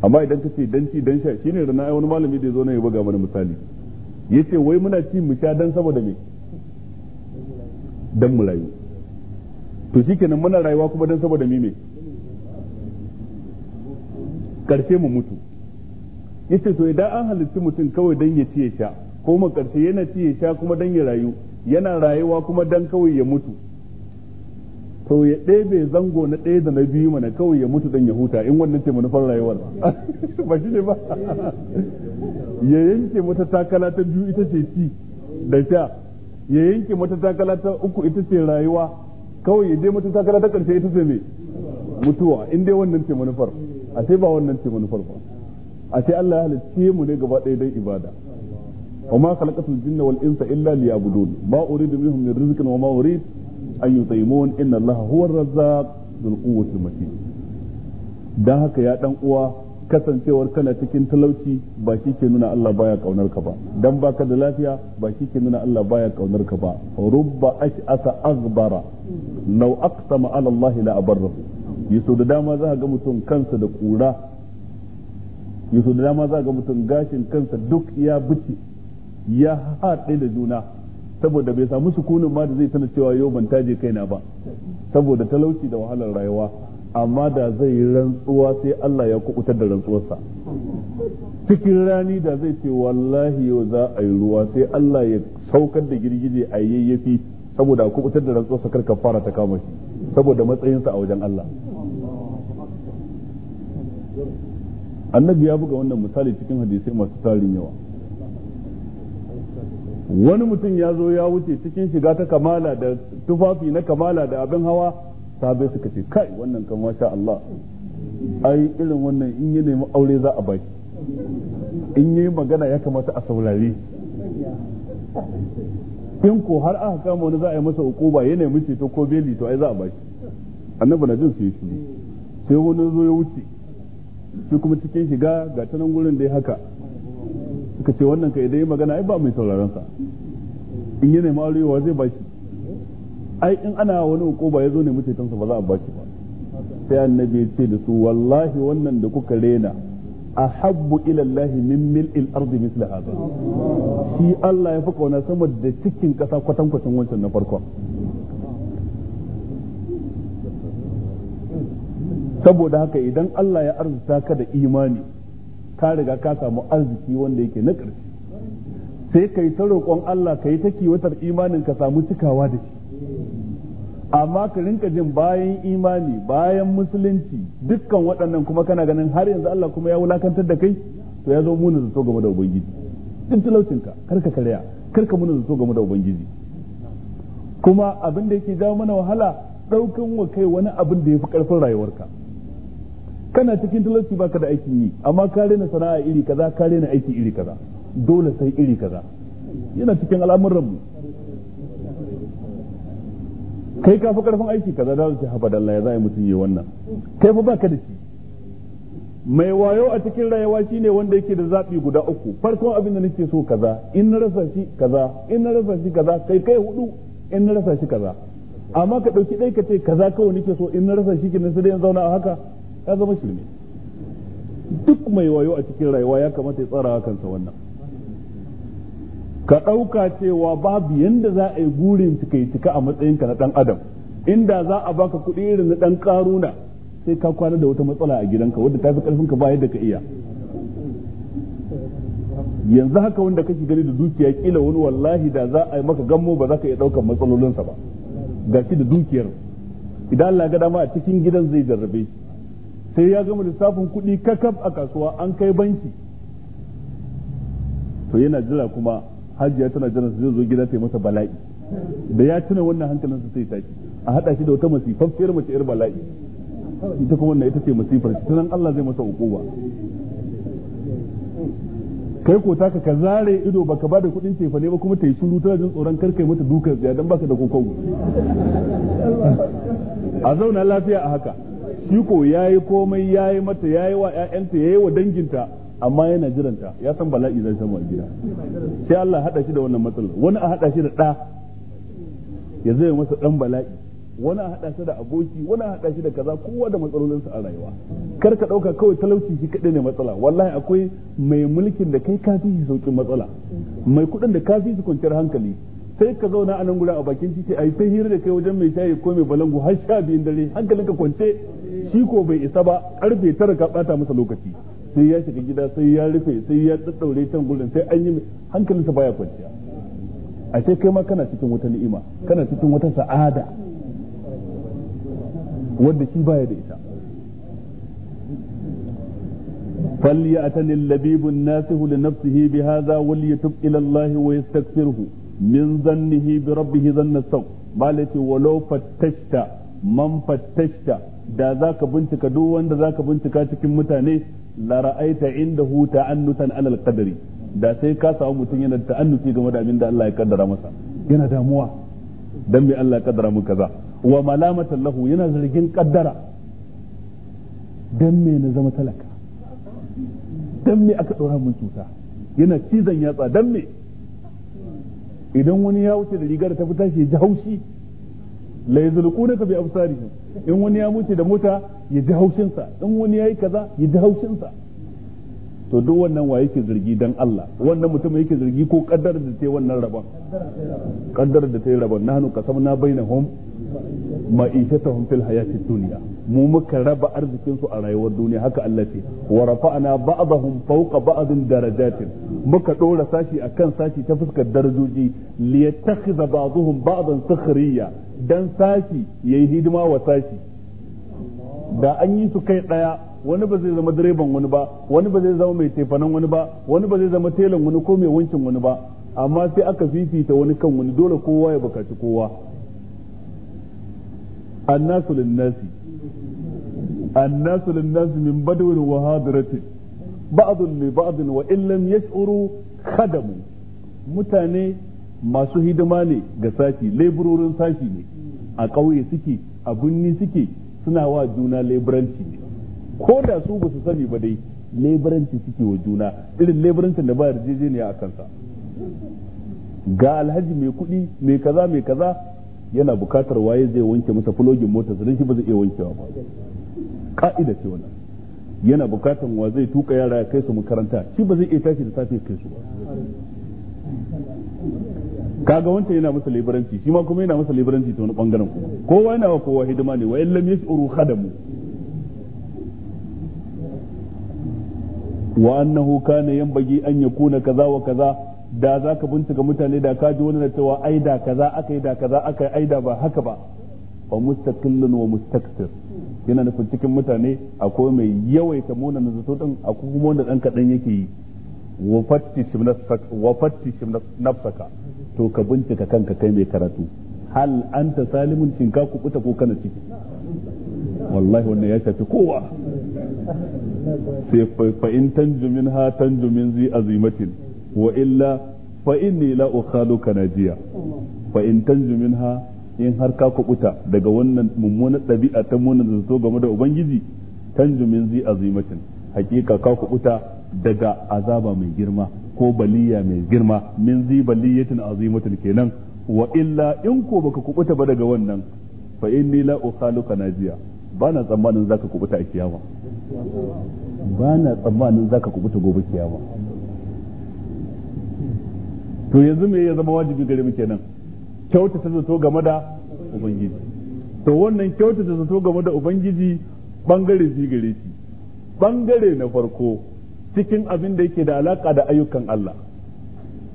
amma idan ka ce dan ci dan sha shi da na wani malami da ya zo na ya buga mana misali ya ce wai muna ci mu sha dan saboda me dan mu rayu to kenan muna rayuwa kuma dan saboda me me karshe mu mutu yace to idan an halitta mutum kawai dan ya ci ya sha ko mu karshe yana ci ya sha kuma dan ya rayu yana rayuwa kuma dan kawai ya mutu to ya ɗebe zango na ɗaya da na biyu mana kawai ya mutu dan ya huta in wannan ce manufar rayuwar ba shi ne ba ya yanke mata takala ta biyu ita ce ci da sha ya yanke mata takala ta uku ita ce rayuwa kawai ya je mata takala ta ƙarshe ita ce me mutuwa in dai wannan ce manufar a sai ba wannan ce manufar ba a sai Allah ya halicce mu ne gaba ɗaya don ibada wa ma khalaqatul jinna wal insa illa liya'budun ma uridu minhum min rizqin wa ma uridu an yutaimun inna allaha huwa razzaq dhul quwwati matin dan haka ya dan uwa kasancewar kana cikin talauci ba shi ke nuna Allah baya kaunar ka ba dan baka da lafiya ba shi ke nuna Allah baya kaunar ka ba rubba ash'asa aghbara law aqsama ala Allah la abarrahu yaso da dama za ga mutum kansa da kura yaso da dama za ga mutum gashin kansa duk ya buce ya haɗe da juna saboda bai samu sukunin ma da zai tana cewa yau ban taje kaina ba saboda talauci da wahalar rayuwa amma da zai yi rantsuwa sai Allah ya kubutar da rantsuwarsa cikin rani da zai ce wallahi yau za a yi ruwa sai Allah ya saukar da girgije a yayyafi saboda a kubutar da rantsuwarsa kar fara ta kama shi saboda matsayinsa a wajen Allah annabi ya buga wannan misali cikin hadisai masu tarin yawa wani mutum ya zo ya wuce cikin shiga ta kamala da tufafi na kamala da abin hawa sabai suka ce kai wannan kan masha Allah ai irin wannan in ya nemi aure za a baki in yi magana ya kamata a saurari in ko har aka kama wani za a yi masa ukuba ya nemi ceto ko beli to ai za a baki annabi na jin su yi shiru sai wani zo ya wuce shi kuma cikin shiga ga ta nan gurin da ya haka suka ce wannan ka idan yi magana ai ba mai sauraron sa in yi nema aure zai baki ai in ana wani ba ya zo ne tansa ba za a baki ba sai annabi ya ce da su wallahi wannan da kuka rena ahabbu ila Allah min mil'il ardi misla hada shi Allah ya fi kauna sama da cikin kasa kwatan kwatan wancan na farkon saboda haka idan Allah ya arzuta ka da imani ka riga ka samu arziki wanda yake na ƙarshe sai ka yi ta roƙon Allah ka yi ta kiwatar imanin ka samu cikawa da shi amma ka rinka jin bayan imani bayan musulunci dukkan waɗannan kuma kana ganin har yanzu Allah kuma ya wulakantar da kai to ya zo muna zato game da ubangiji din talaucinka kar ka karya kar ka muna zato game da ubangiji kuma abin da yake jawo mana wahala ɗaukan wa kai wani abin da ya fi ƙarfin rayuwarka kana cikin talauci baka da aikin yi amma ka rena sana'a iri kaza ka rena aiki iri kaza dole sai iri kaza yana cikin al'amuran mu kai ka fi karfin aiki kaza da zai haɓa da Allah ya zai mutum yi wannan kai fa baka da shi mai wayo a cikin rayuwa shine wanda yake da zaɓi guda uku farkon abin da nake so kaza in na rasa shi kaza in na rasa shi kaza kai kai hudu in na rasa shi kaza amma ka ɗauki ɗai ka ce kaza kawai nake so in na rasa shi kenan sai dai zauna a haka ya zama shirme duk mai wayo a cikin rayuwa ya kamata ya tsara kansa wannan ka ɗauka cewa babu yadda za a yi gurin cika yi cika a matsayinka na ɗan adam inda za a baka kuɗi irin na ɗan ƙaruna sai ka kwana da wata matsala a gidanka wadda ta fi ƙarfin ka ba yadda ka iya yanzu haka wanda kake gani da dukiya kila wani wallahi da za a yi maka gammo ba za ka iya ɗaukar matsalolinsa ba ga shi da dukiyar idan Allah ga dama a cikin gidan zai jarrabe sai ya gama lissafin kuɗi kakaf a kasuwa an kai banki to yana jira kuma hajiya tana jiran su zai zo gida ta yi masa bala'i da ya tuna wannan hankalin sa sai tashi a hada shi da wata masifafiyar mace yar bala'i ita kuma wannan ita ce masifar shi tunan Allah zai masa hukuma kai ko taka ka zare ido baka bada kudin cefa ne ba kuma ta yi shiru tana jin tsoron kar kai mata dukan tsaya dan baka da kokon a zauna lafiya a haka shi ko yayi komai yayi mata yayi wa ƴaƴanta yayi wa danginta amma yana jiranta ya san bala'i zai samu a gida sai Allah hada shi da wannan matsala wani a hada shi da ɗa ya zai masa dan bala'i wani a hada shi da aboki wani a hada shi da kaza kowa da matsalolinsa a rayuwa kar ka dauka kawai talauci shi kadai ne matsala wallahi akwai mai mulkin da kai kafi shi saukin matsala mai kuɗin da kafi shi kwanciyar hankali sai ka zauna a nan guda a bakin titi ai sai hira da kai wajen mai shayi ko mai balangu har sha biyun dare hankalinka kwance shi ko bai isa ba karfe tara ka bata masa lokaci sai ya shiga gida sai ya rufe sai ya daddaure can gurin sai an yi hankalinsa baya kwanciya a sai kai ma kana cikin wata ni'ima kana cikin wata sa'ada wanda shi baya da ita فليأتني اللبيب الناسه لنفسه بهذا وليتب إلى الله ويستكثره من ظنه بربه ظن السوء بالتي ولو فتشت من فتشت da za ka bincika duk wanda za ka bincika cikin mutane laraita ra'aita indahu annutan alal qadari da sai ka samu mutum yana ta'annuti game da abin da Allah ya kaddara masa yana damuwa dan me Allah ya kaddara mun kaza wa malamatan lahu yana zargin kaddara dan me na zama talaka dan me aka dora mun cuta yana cizon yatsa dan me idan wani ya wuce da rigar ta fita shi ji haushi la ka bi absarihim in wani ya mutu da mota ya ji haushinsa sa in wani yayi kaza ya ji haushinsa to duk wannan wa yake zargi dan Allah wannan mutum yake zargi ko kaddar da ta wannan rabon kaddar da ta yi rabon bai na bainahum ma'ishatahum fil hayatid dunya mu muka raba arzikin su a rayuwar duniya haka Allah ce wa rafa'na ba'dahum fawqa ba'din darajatin muka dora sashi akan sashi ta fuskar darajoji li yattakhidha ba'dhum ba'dan sukhriya dan sashi yayi hidima wa sashi da an yi su kai daya wani ba zai zama direban wani ba wani ba zai zama mai tefanan wani ba wani ba zai zama telan wani ko mai wankin wani ba amma sai aka fifita wani kan wani dole kowa ya bukaci kowa annasu linnasi annasu linnasi min badwin wa hadratin ba'dun li ba'dun wa illam yash'uru khadamu mutane masu hidima ne ga sashi leburorin sashi ne a ƙauye suke a binni suke suna wa juna leburanci ko da su ba su sani ba dai leburanci suke wa juna irin leburancin da ba yarjejeniya a kansa ga alhaji mai kudi mai kaza mai kaza yana bukatar waye zai wanke masa fulogin motarsa don shi ba zai iya wankewa ba ka'ida ce wannan yana bukatar wa zai tuka yara ya kai su makaranta shi ba zai iya tashi da safe kai su ba kaga wancan yana masa liberanci shi ma kuma yana masa liberanci ta wani bangaren kuma kowa yana wa kowa hidima ne wa illam yash'uru khadamu wa annahu kana yanbaghi an yakuna kaza wa kaza da za ka bincika mutane da ka ji wani na cewa ai da kaza aka yi da kaza aka yi ai da ba haka ba wa mustaqillun wa mustaqtir yana nufin cikin mutane akwai mai yawaita mona na zato din akwai kuma wanda dan kadan yake yi wa fattish nafsaka to ka bincika kanka kai mai karatu hal anta salimun shin ka kubuta ko kana ciki wallahi wannan ya shafi kowa sai fa in tanju minha tanju min zi azimatin wa illa fa inni la ukhaluka najiya fa in tanju minha in har ka kubuta daga wannan mummunar ɗabi'a ta munan zato game da ubangiji tanju min zi azimatin hakika ka kubuta daga azaba mai girma ko baliya mai girma min zi baliyatin azimatin kenan wa illa in ko baka kubuta ba daga wannan fa inni la ukhaluka najiya ba na tsammanin zaka kubuta a kiyama ba na tsammanin zaka kubuta gobe kiyama to yanzu me ya zama wajibi gare mu kenan kyautata zato game da ubangiji to wannan kyautata zato game da ubangiji bangare ji gare shi bangare na farko cikin abin da yake da alaka da ayyukan Allah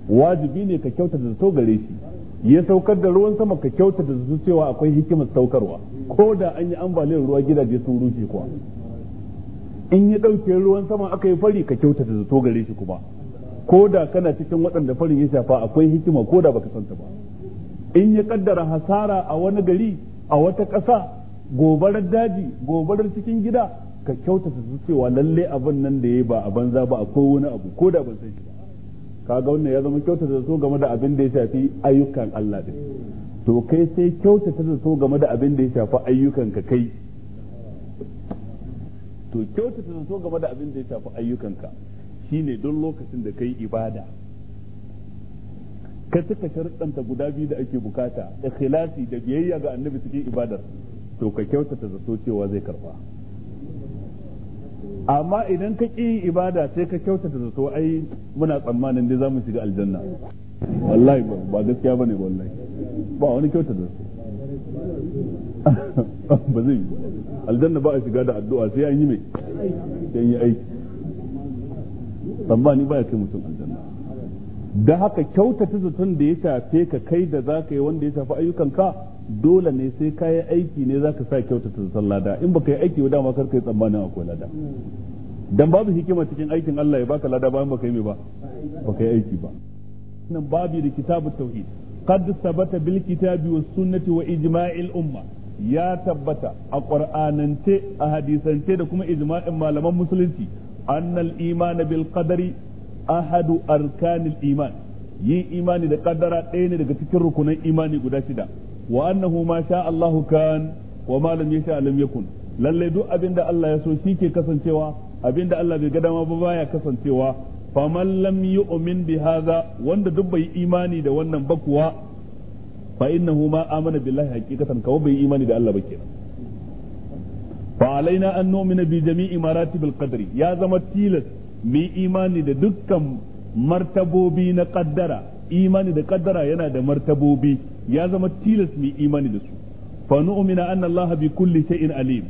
wajibi ne ka kyautata zato gare shi ya saukar da ruwan sama ka kyautata zato cewa akwai hikimar saukarwa ko da an yi ambaliyar ruwa gidaje sun rushe kuwa in ya ɗauke ruwan sama aka yi fari ka kyautata zato gare shi kuma ko da kana cikin waɗanda farin ya shafa akwai hikima ko da baka santa ba in ya kaddara hasara a wani gari a wata ƙasa gobarar daji gobarar cikin gida ka kyautata su cewa lalle abin nan da yayi ba a banza ba akwai wani abu ko da ban san shi ba kaga wannan ya zama kyautata so game da abin da ya shafi ayyukan Allah din to kai sai kyautata so game da abin da ya shafi ayyukan ka kai to kyautata so game da abin da ya shafi ayyukan ka shine don lokacin da kai ibada ka suka sharɗanta guda biyu da ake bukata ikhlasi da biyayya ga annabi cikin ibadar to ka kyautata zato cewa zai karfa amma idan ka ƙi ibada sai ka kyautata zato ai muna tsammanin dai mu shiga aljanna wallahi ba gaskiya ba ne wallahi ba wani kyautata zato ba zai yi aljanna ba a shiga da addu'a sai an yi mai sai an yi aiki tsammani baya kai mutum aljanna da haka kyautata zaton da ya shafe ka kai da za ka yi wanda ya shafi ayyukanka dole ne sai ka yi aiki ne za ka sa kyautata zaton lada in ba ka yi aiki ba dama kar ka yi tsammanin akwai lada dan babu hikima cikin aikin Allah ya baka lada bayan ka yi mai ba ka yi aiki ba nan babi da kitabut tauhid qad sabata bil kitabi was sunnati wa ijma'il umma ya tabbata a qur'anance a hadisance da kuma ijma'in malaman musulunci أن الإيمان بالقدر ahadu أركان iman yin imani da kaddara ɗaya ne daga cikin rukunin imani guda shida wa annahu ma sha Allahu kan wa ma lam yasha lam yakun lalle duk abinda Allah ya so shi ke kasancewa abinda Allah bai ga dama ba baya kasancewa faman lam yu'min bi hadha wanda duk bai imani da wannan ba kuwa fa innahu ma amana billahi haqiqatan kawai bai imani da Allah ba kenan fa alaina an nu'mina bi jami'i maratibil qadri ya zama tilas mu imani da dukkan martabobi na qaddara imani da qaddara yana da martabobi ya zama tilas mu imani da su fa nu'mina anna allaha bi kulli shay'in alim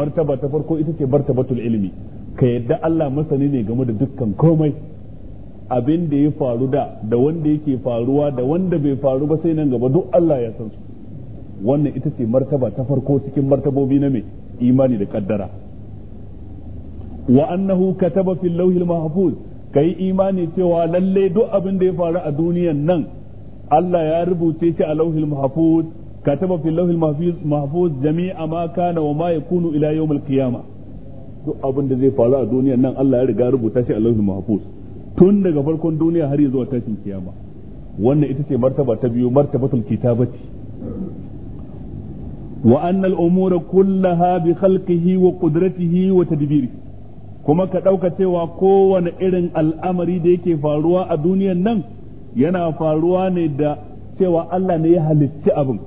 martaba ta farko ita ce martabatul ilmi ka yadda Allah masani ne game da dukkan komai abin da ya faru da da wanda yake faruwa da wanda bai faru ba sai nan gaba duk Allah ya san su wannan ita ce martaba ta farko cikin martabobi na me imani da kaddara wa annahu kataba fil lawhil mahfuz kai imani cewa lalle duk abin da ya faru a duniyan nan Allah ya rubuce shi a lawhil mahfuz kataba fil lawhil mahfuz jami'a ma kana wa ma yakunu ila yawmil qiyamah duk abin da zai faru a duniyan nan Allah ya riga rubuta shi a lawhil mahfuz tun daga farkon duniya har zuwa tashin kiyama wannan ita ce martaba ta biyu martabatul kitabati وأن الأمور كلها بخلقه وقدرته وتدبيره kuma ka ɗauka cewa kowane irin al'amari da yake faruwa a duniyan nan yana faruwa ne da cewa Allah ne ya halicci abin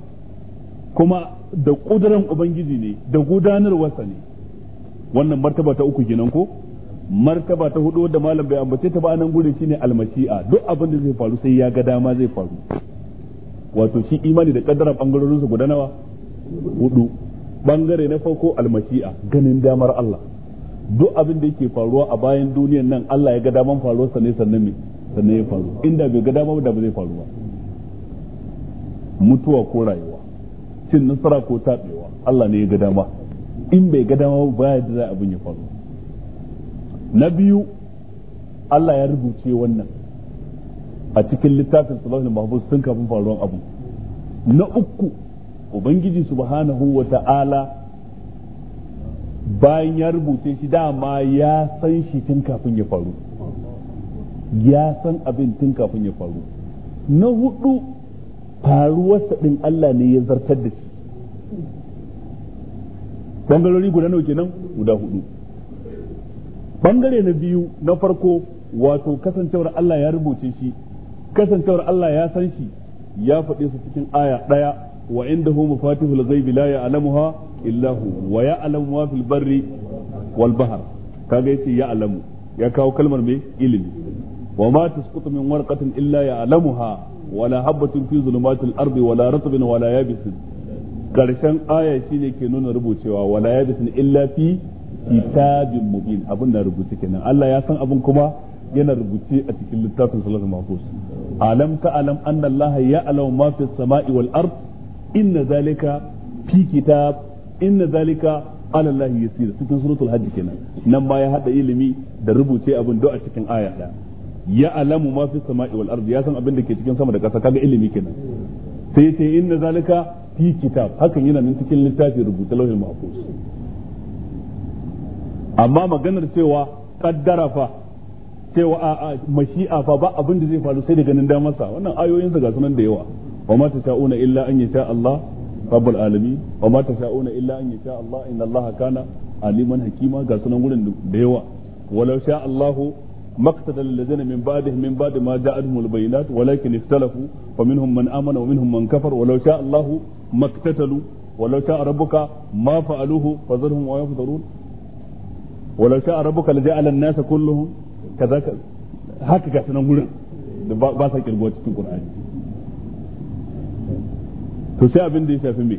kuma da ƙudurin Ubangiji ne da gudanarwarsa ne wannan martaba ta uku ginan ko martaba ta hudu da malam bai ambace ta ba nan gurin shine a duk abin da zai faru sai ya ga dama zai faru wato shi imani da kaddaran bangarorin su guda nawa hudu bangare na farko almashi'a ganin damar Allah duk abin da yake faruwa a bayan duniyan nan Allah ya ga daman faruwar sa ne sannan me sannan ya faru inda bai ga dama da ba zai faru ba mutuwa ko rayuwa cin nasara ko tabewa Allah ne ya ga dama in bai ga dama ba ya da abin ya faru na biyu Allah ya rubuce wannan a cikin littafin salahul mahfuz sun kafin faruwar abu na uku ubangiji subhanahu wa ta'ala bayan ya rubuce shi dama ya san shi tun kafin ya faru ya san abin tun kafin ya faru na hudu faruwarsa din Allah ne ya zartar da shi bangarori guda nawa kenan guda hudu bangare na biyu na farko wato kasancewar Allah ya rubuce shi kasancewar Allah ya san shi ya faɗe su cikin aya ɗaya wa indahu mafatihul ghaibi la ya'lamuha illa hu wa ya'lamu ma fil barri wal bahr kaga yace ya'lamu ya kawo kalmar me ilimi wa ma tasqutu min warqatin illa ya'lamuha wala habatin fi zulumatil ardi wala ratbin wala yabisin karshen aya shine ke nuna rubucewa wala yabisin illa fi kitabin na rubuce kenan Allah ya san abin kuma yana rubuce a cikin littafin salatul mahfuz alam ta alam anna Allah ya alamu ma fi samai wal ard inna zalika fi kitab inna zalika ala Allah yasir cikin suratul hajj kenan nan ba ya hada ilimi da rubuce abin do cikin aya da ya alamu ma fi sama'i wal ardi ya san abin da ke cikin sama da kasa kaga ilimi kenan sai sai inna zalika fi kitab hakan yana nan cikin littafi rubuta lauhin mahfuz amma maganar cewa kaddara fa cewa a mashi'a fa ba abin da zai faru sai da ganin damarsa wannan ayoyin su ga sunan da yawa wa ma tasha'una illa an yasha Allah rabbul alamin wa ma tasha'una illa an yasha Allah inna Allah kana aliman hakima ga sunan gurin da yawa walau sha Allah مقتدى الذين من بعدهم من بعد ما جاءتهم البينات ولكن اختلفوا فمنهم من آمن ومنهم من كفر ولو شاء الله ما اقتتلوا ولو شاء ربك ما فعلوه فذرهم ويفذرون ولو شاء ربك لجعل الناس كلهم كذاك هكذا سنقول ba sa kirgo cikin Qur'ani to sai abin da ya shafi me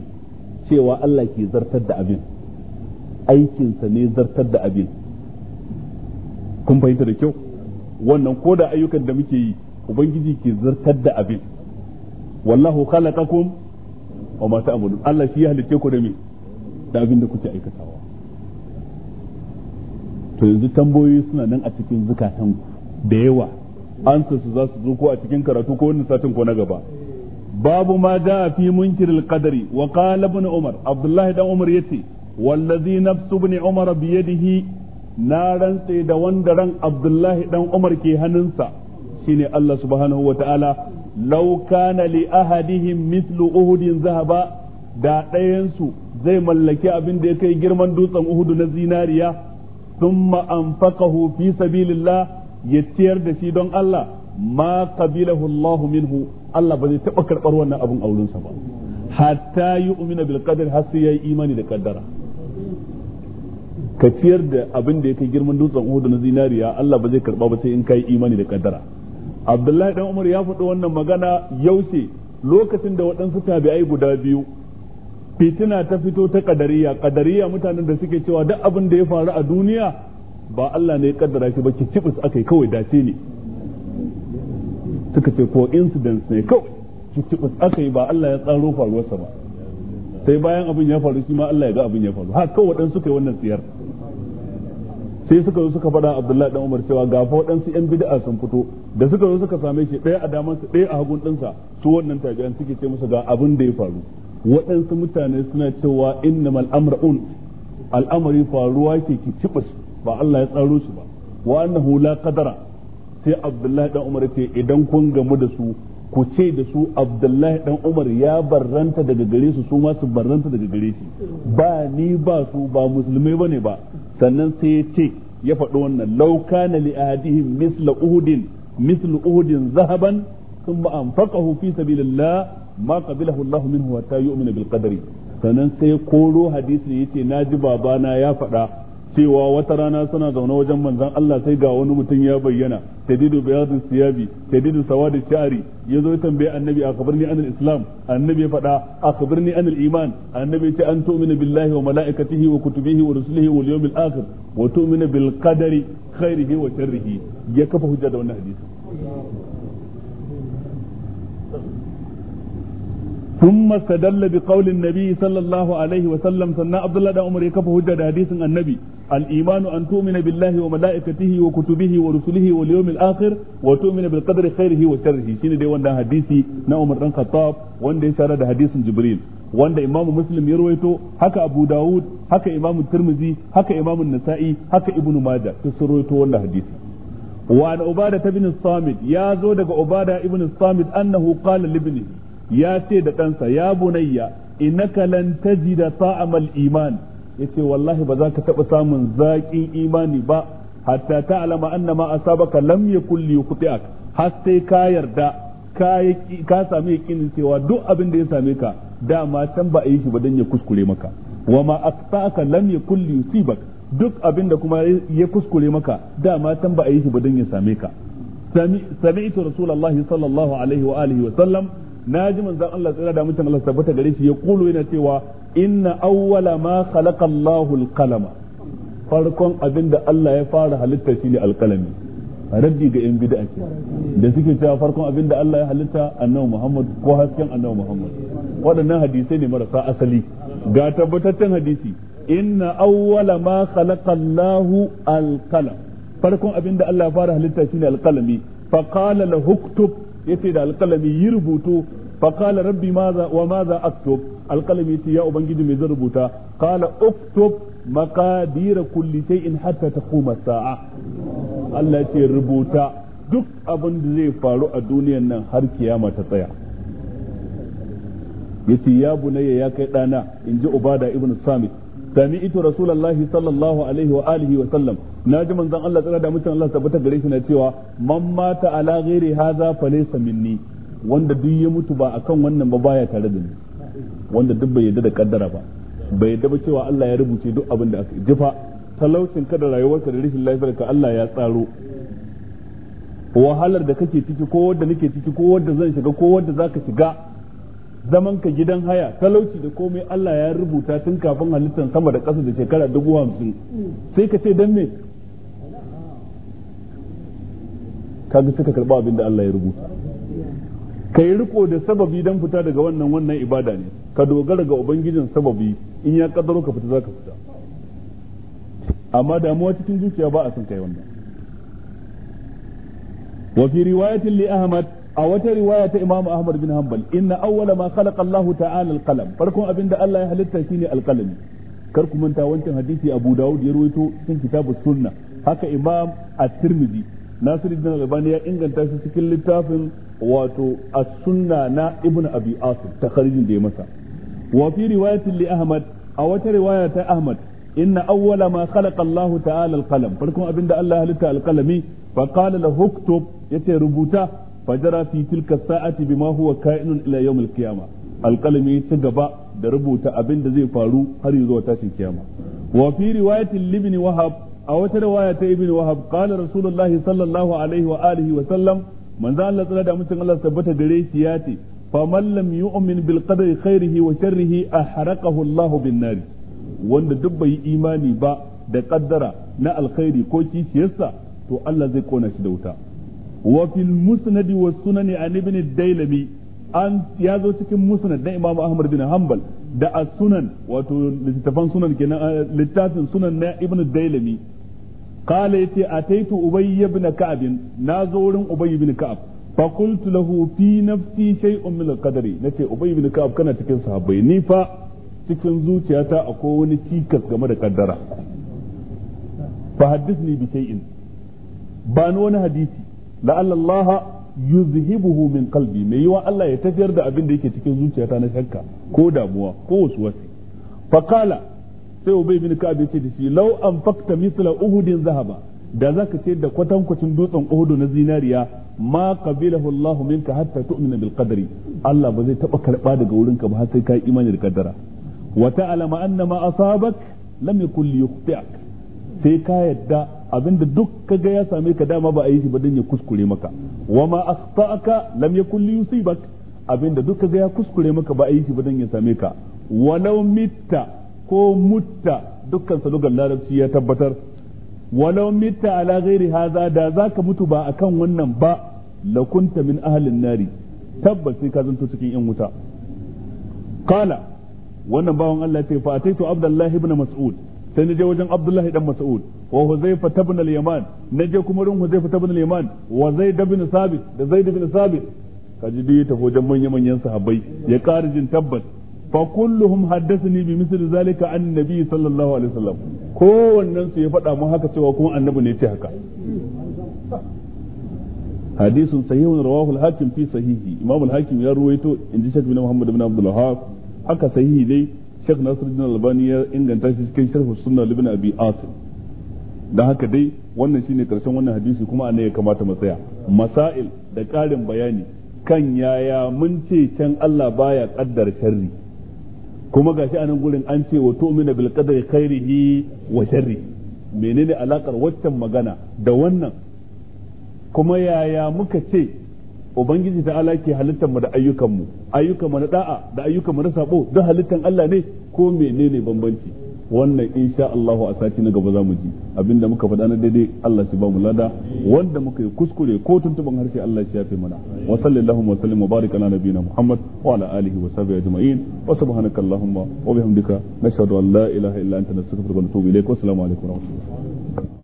cewa Allah ke zartar da abin aikinsa ne zartar da abin kun fahimta da kyau wannan ko da ayyukan da muke yi ubangiji ke zartar da abin wallahu khalaqakum wa ma ta'malun Allah shi ya halicce ku da me da abin da kuke aikatawa to yanzu tambayoyi suna nan a cikin zukatan da yawa an su za su zo ko a cikin karatu ko wannan satin ko na gaba babu ma jaa fi munkiril qadari wa qala ibn umar abdullahi dan umar yace wallazi nafsu ibn umar bi yadihi na rantse da wanda ran abdullahi dan umar ke hannunsa shine Allah subhanahu wa ta'ala law kana li ahadihim uhudin zahaba da ɗayansu zai mallaki abin da ya kai girman dutsen uhudu na zinariya thumma anfaqahu hufi sabilillah ya ciyar da shi don Allah ma qabilahu Allah minhu Allah ba zai taɓa karɓar wannan abin aurensa ba hatta yi umina bil qadar har sai yayi imani da kaddara ka ciyar da abin da ya kai girman dutsen Uhud na zinariya Allah ba zai karba ba sai in kai imani da kaddara Abdullahi dan Umar ya faɗi wannan magana yaushe lokacin da waɗansu tabi'ai guda biyu fitina ta fito ta kadariya kadariya mutanen da suke cewa duk abin da ya faru a duniya ba Allah ne ya kaddara shi ba kicibis akai kawai dace ne suka ce ko incidents ne kawai cikin aka yi ba Allah ya tsaro faruwarsa ba sai bayan abin ya faru shi ma Allah ya ga abin ya faru ha kawai waɗansu yi wannan tsiyar sai suka zo suka faɗa Abdullahi dan Umar cewa ga fa waɗansu yan bid'a sun fito da suka zo suka same shi ɗaya a daman sa ɗaya a hagun sa su wannan tajiyan suke ce musu ga abin da ya faru waɗansu mutane suna cewa innamal amrun al'amari faruwa ke kitibus ba Allah ya tsaro shi ba wa annahu la qadara sai abdullahi dan umar ce idan kun gamu da su ku ce da su abdullahi dan umar ya barranta daga gare su su ma su barranta daga gare shi ba ni ba su ba musulmai bane ba sannan sai ya ce ya faɗi wannan law kana li ahadihim misla uhudin mislu uhudin zahaban thumma anfaqahu fi sabilillah ma qabilahu Allah minhu hatta yu'mina bil qadari sannan sai koro hadisi yace ji babana ya faɗa cewa wata rana suna zaune wajen manzon Allah sai ga wani mutum ya bayyana tadidu bayadun siyabi tadidu sawadi sha'ri yazo ya tambaye annabi akhbirni anil islam annabi ya a akhbirni anil iman annabi ce an tu'minu billahi wa malaikatihi wa kutubihi wa rusulihi wa yawmil akhir wa tu'minu bil qadari khairihi wa sharrihi ya kafa hujja da wannan hadisi ثم استدل بقول النبي صلى الله عليه وسلم سنة عبد الله بن عمر يكف حجة حديث النبي الإيمان أن تؤمن بالله وملائكته وكتبه ورسله واليوم الآخر وتؤمن بالقدر خيره وشره شنو دي وندا حديثي نا عمر بن الخطاب وندا إشارة حديث جبريل wanda imamu muslim ya rawaito haka abu dawud haka imamu tirmizi haka imamu nasa'i haka ibnu maja duk sun rawaito wannan hadisi wa an ubada ibn samit ya zo daga ubada ibn samit annahu qala libni ya ce da ɗansa ya bunayya innaka lan tajida ta'amal iman yace wallahi ba za ka taɓa samun zaƙin imani ba hatta ta'lama anna ma asabaka lam yakul liyukhti'ak har sai ka yarda ka ka sami yakinin cewa duk abin da ya same ka dama can ba a yi shi ba dan ya kuskure maka wa ma akhta'aka lam yakul liyusibak duk abin da kuma ya kuskure maka dama can ba a yi shi ba dan ya same ka sami'tu rasulullahi sallallahu alaihi wa alihi wa sallam naji manzon Allah tsira da mutum Allah tabbata gare shi ya kulu yana cewa inna awwala ma khalaqa Allahu al-qalama farkon abinda Allah ya fara halitta shine alkalami raddi ga yan bid'a ke da suke cewa farkon abinda Allah ya halitta annabi Muhammad ko hasken annabi Muhammad waɗannan hadisai ne marasa asali ga tabbataccen hadisi inna awwala ma khalaqa Allahu al-qalam farkon abinda Allah ya fara halitta shine alkalami fa qala lahu yace da alqalami yi rubutu fa qala rabbi maza wa maza aktub alqalami yace ya ubangiji me zan rubuta qala uktub maqadir kulli shay'in hatta taquma sa'a Allah yace rubuta duk abin da zai faru a duniyar nan har kiyama ta tsaya yace ya bunayya ya kai dana inji ubada ibn samit sami ito rasulullahi sallallahu alaihi wa alihi wa sallam na ji manzon Allah tsara da mutum Allah tabbata gare shi na cewa man mata ala ghairi hadha falaysa minni wanda duk ya mutu ba akan wannan ba baya tare da ni wanda duk bai yadda da kaddara ba bai yadda ba cewa Allah ya rubuce duk abin da aka jifa talaucin ka da rayuwarka da rashin lafiyarka Allah ya tsaro wahalar da kake ciki ko wanda nake ciki ko wanda zan shiga ko wanda zaka shiga zaman ka gidan haya talauci da komai Allah ya rubuta tun kafin halittar sama da ƙasa da shekara dubu hamsin sai ka ce dan me kaga suka karɓa abin da Allah ya rubuta ka yi riko da sababi don fita daga wannan wannan ibada ne ka dogara ga ubangijin sababi in ya kaddaro ka fita za ka fita amma damuwa cikin zuciya ba a son kai wannan wa fi riwayatin li ahmad a wata riwaya ta Imam Ahmad bin Hanbal inna awwala ma khalaqa Allahu ta'ala al-qalam farkon abinda Allah ya halitta shine al kar ku manta wancan hadisi Abu Dawud ya rawaito cikin kitabus sunna haka Imam At-Tirmidhi Nasiruddin Albani ya inganta shi cikin littafin wato as-sunna na Ibn Abi Asim takharijin da ya masa wa fi riwayatin li Ahmad a wata riwaya ta Ahmad inna awwala ma khalaqa Allahu ta'ala al-qalam farkon abinda Allah halitta al-qalami fa qala lahu uktub yace rubuta fajara fi tilka sa'ati bima huwa ka'inun ila yawmil qiyama alqalami ta gaba da rubuta abin da zai faru har zuwa tashin kiyama wa fi riwayatin libni wahab a wata riwaya ta ibn wahab qala rasulullahi sallallahu alaihi wa alihi wa sallam manzo Allah tsara da mutun Allah tabbata gare shi ya ce faman lam yu'min bil qadari khairihi wa sharrihi ahraqahu Allah bin nar wanda duk bai imani ba da kaddara na alkhairi ko kishiyarsa to Allah zai kona shi da wuta wa fil musnad wa sunan an ibn dailami an ya zo cikin musnad na imam ahmad bin hanbal da as-sunan wato littafan sunan kenan littafin sunan na ibn dailami قال يتي أتيت أبي بن كعب نازور أبي بن كعب فقلت له في نفسي شيء من القدر نتي أبي بن كعب كان تكن صحابي نيفا تكن زوجي أتا أكون تيكت كما قدرة فحدثني بشيء بانون حديثي la'alla Allah yuzhibuhu min qalbi mai yiwa Allah ya tafiyar da abin da yake cikin zuciyata na shakka ko damuwa ko wasu fa qala sai ubay bin ka'ab yace da shi law anfaqta mithla uhudin zahaba da zaka ce da kwatankwacin dutsen uhudu na zinariya ma qabilahu Allah minka hatta tu'mina bil qadri Allah ba zai taba karba daga ka ba har sai ka imani da kaddara wa ta'lama anna ma asabak lam yakul liyukhti'ak sai ka yadda abinda duk ga ya same ka dama ba a yi shi ba dan ya kuskure maka wama lamya lam yakul li yusibak abinda duk kaga ya kuskure maka ba a yi shi ba dan ya same ka walau mitta ko mutta dukkan sa larabci ya tabbatar walau mitta ala ghairi hadha da zaka mutu ba akan wannan ba lakunta min ahlin nari tabbas sai ka zanto cikin yan wuta qala wannan bawan Allah ya ce fa ataitu abdullahi ibn mas'ud sai na je wajen Abdullahi dan Mas'ud wa Huzaifa ibn al-Yaman na je kuma rin Huzaifa ibn al-Yaman wa Zaid ibn Sabit da Zaid ibn Sabit kaji dai ta wajen manyan manyan sahabbai ya ƙara jin tabbas fa kulluhum haddathani bi misli zalika an nabi sallallahu alaihi wasallam wannan su ya faɗa mun haka cewa kuma annabi ne ce haka hadisin sahihun rawahu al-hakim fi sahihi imam al-hakim ya ruwaito inji shakbi na Muhammad ibn Abdul Wahhab haka sahihi dai Sheikh Nasiruddin Albani ya inganta shi cikin sharh sunna ibn Abi Asim dan haka dai wannan shine karshen wannan hadisi kuma anan ya kamata mu tsaya masail da karin bayani kan yaya mun ce can Allah baya kaddar sharri kuma gashi anan gurin an ce wa tu'minu bil qadari khairihi wa sharri menene alakar waccan magana da wannan kuma yaya muka ce ubangiji ta ala ke halittar mu da ayyukan mu ayyukan mu na da'a da ayyukan mu na sabo da halittar Allah ne ko menene bambanci wannan insha Allah a sati na gaba zamu ji abinda muka faɗa na daidai Allah shi ba mu lada wanda muka yi kuskure ko tuntuban harshe Allah shi yafe mana wa sallallahu wa sallim wa baraka ala nabiyina Muhammad wa ala alihi wa sahbihi ajma'in wa subhanaka allahumma wa bihamdika nashhadu an la ilaha illa anta nastaghfiruka wa natubu ilaik wa assalamu alaikum wa rahmatullahi